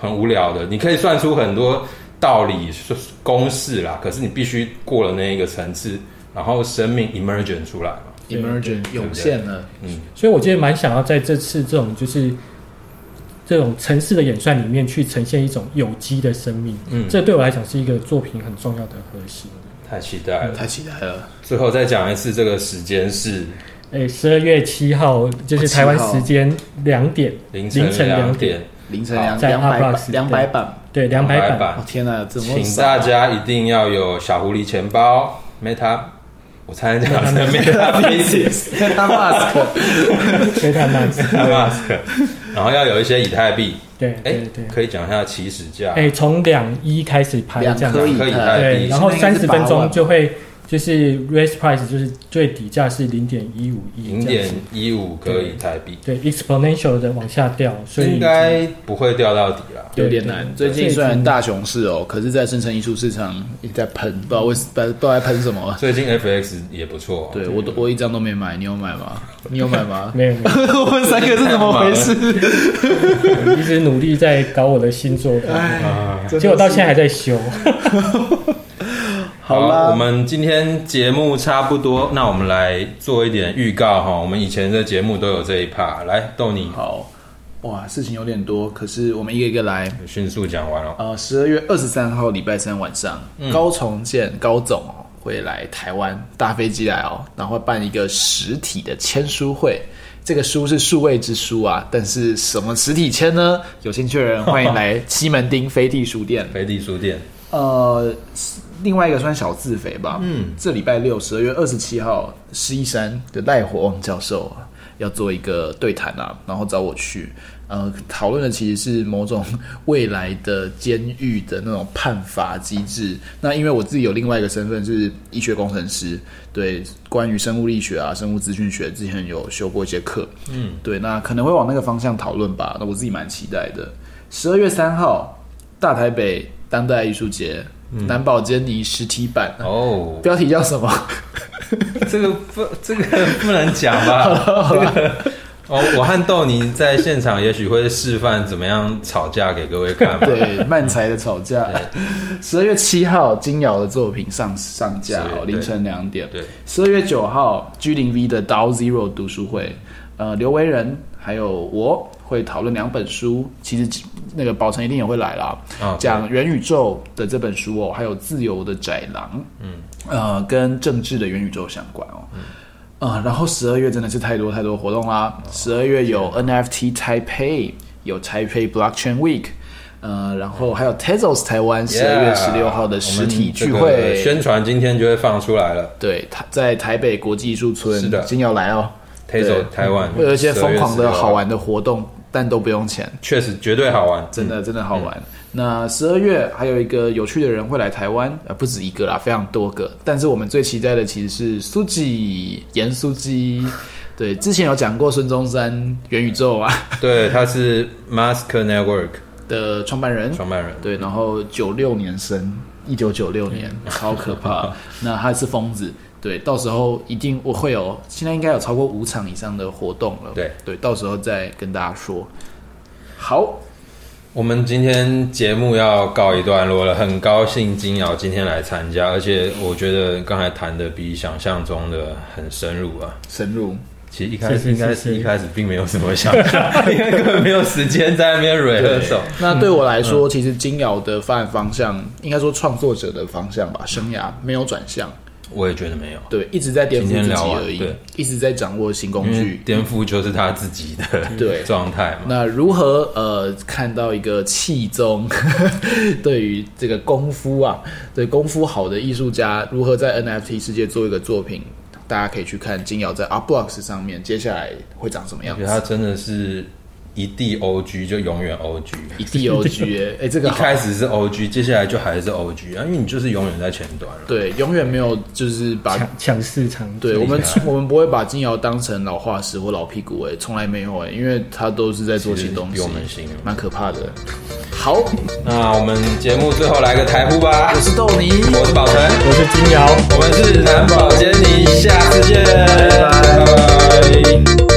很無聊的，你可以算出很多道理公式啦，可是你必須過了那一個層次，然後生命 emergent 出來嘛 emergent 湧現了。嗯，所以我今天蠻想要在這次這種就是這種程式的演算裡面去呈現一種有機的生命，嗯，這對我來講是一個作品很重要的核心、嗯。太期待了、嗯，太期待了！最後再講一次，這個時間是，哎、欸，十二月七號，就是台灣時間兩點、哦、點，凌晨兩點。凌晨兩兩百兩百版，對兩百版。哦、天哪、啊，這、啊！請大家一定要有小狐狸錢包，Meta。我猜一下是 Meta pieces，Meta mask，Meta 然後要有一些以太幣。對，哎、 欸，可以講一下起始價？哎、欸，從兩一開始拍，這樣可、啊、以對。對，對，然後三十分鐘就會。就會就是 raise price，就是最底價是零點一五億，零點一五個億台幣。對，exponential 的往下掉，所以應該不會掉到底了。有點難。最近雖然大熊市哦，可是，在深層藝術市場一直在噴，不知道為、嗯、不知道在噴什麼。最近 FX 也不錯、喔，對我都我一張都沒買，你有買嗎？ 你有買嗎？沒有,沒有。 我們三個是怎麼回事？ 一直努力在搞我的新作品，啊就是、結果到現在還在修。 好啦，我們今天節目差不多，那我們來做一點預告哈。我們以前的節目都有這一趴。來逗你。好，哇，事情有點多，可是我們一個一個來，迅速講完了。呃，十二月二十三號禮拜三晚上，嗯、高重建高總哦會來台灣，搭飛機來哦，然後辦一個實體的簽書會。這個書是數位之書啊，但是什麼實體簽呢？有興趣的人歡迎來西門町飛地書店， 飛地書店。呃。另外一個算小自肥吧。嗯，這禮拜六，十二月二十七號，施懿珊的賴火旺教授要做一個對談啊，然後找我去，呃，討論的其實是某種未來的監獄的那種判罰機制。那因為我自己有另外一個身份，就是醫學工程師，對，關於生物力學啊、生物資訊學，之前有修過一些課，嗯，對，那可能會往那個方向討論吧。那我自己蠻期待的。十二月三號，大台北當代藝術節。藍寶堅尼實體版、嗯、哦，標題叫什麼？這個不，這個不能講吧、 這個。哦，我和豆尼在現場也許會示範怎麼樣吵架給各位看。對，漫才的吵架。十二月七號，經堯的作品上上架，喔、凌晨兩點。對，十二月九號，G 零 V 的 DAO Zero 讀書會，呃，劉維人還有我會討論兩本書，其實。那個寶成一定也會來啦。講、okay. 元宇宙的這本書哦、喔，還有《自由的窄廊》，嗯，呃，跟政治的元宇宙相關哦、喔，嗯，呃、然後十二月真的是太多太多活動啦，十、哦、二月有 NFT Taipei，、嗯、有 Taipei Blockchain Week，、呃、然後還有 Tezos 台灣十二月十六號的實體聚會，yeah, 宣傳今天就會放出來了，對，在台北國際藝術村，是的，一定要來哦、喔、，Tezos 台灣，會、嗯、有一些瘋狂的好玩的活動。但都不用錢，確實絕對好玩，真的、嗯、真的好玩。嗯、那十二月還有一個有趣的人會來台灣，不止一個啦，非常多個。但是我們最期待的其實是蘇基，嚴蘇基，對，之前有講過孫中山元宇宙啊。對，他是 Mask Network 的創辦人，創辦人，對，然後九六年生，一九九六年、嗯，超可怕。 那他是瘋子。對，到時候一定我會有，現在應該有超過五場以上的活動了。對，對，到時候再跟大家說。好，我們今天節目要告一段落了，很高興經堯今天來參加，而且我覺得剛才談的比想象中的很深入啊。深入，其實一開始應該是一開始並沒有什麼想象， 因為根本沒有時間在那邊甩、嗯、那對我來說，嗯、其實經堯的發展方向，應該說創作者的方向吧，嗯、生涯沒有轉向。我也覺得沒有，對，一直在顛覆自己而已，一直在掌握新工具。顛覆就是他自己的狀態，對狀態嘛。那如何呃，看到一個氣宗 對於這個功夫啊，對功夫好的藝術家，如何在 NFT 世界做一個作品？大家可以去看經堯在 Art Blocks 上面接下來會長什麼樣子。我覺得他真的是。一日 OG 就永遠 OG， 一日 OG 哎哎，這個開始是 OG，接下來就還是 OG 啊，因為你就是永遠在前端了。對，永遠沒有就是把搶市場。對，我們 我們不會把經堯當成老化石或老屁股哎、欸，從來沒有哎、欸，因為他都是在做些東西，有蠻新，蠻可怕的。好， 那我們節目最後來個台呼吧，我是豆泥，我是寶成，我是經堯，我們是藍寶堅尼，下次見，拜拜。拜拜。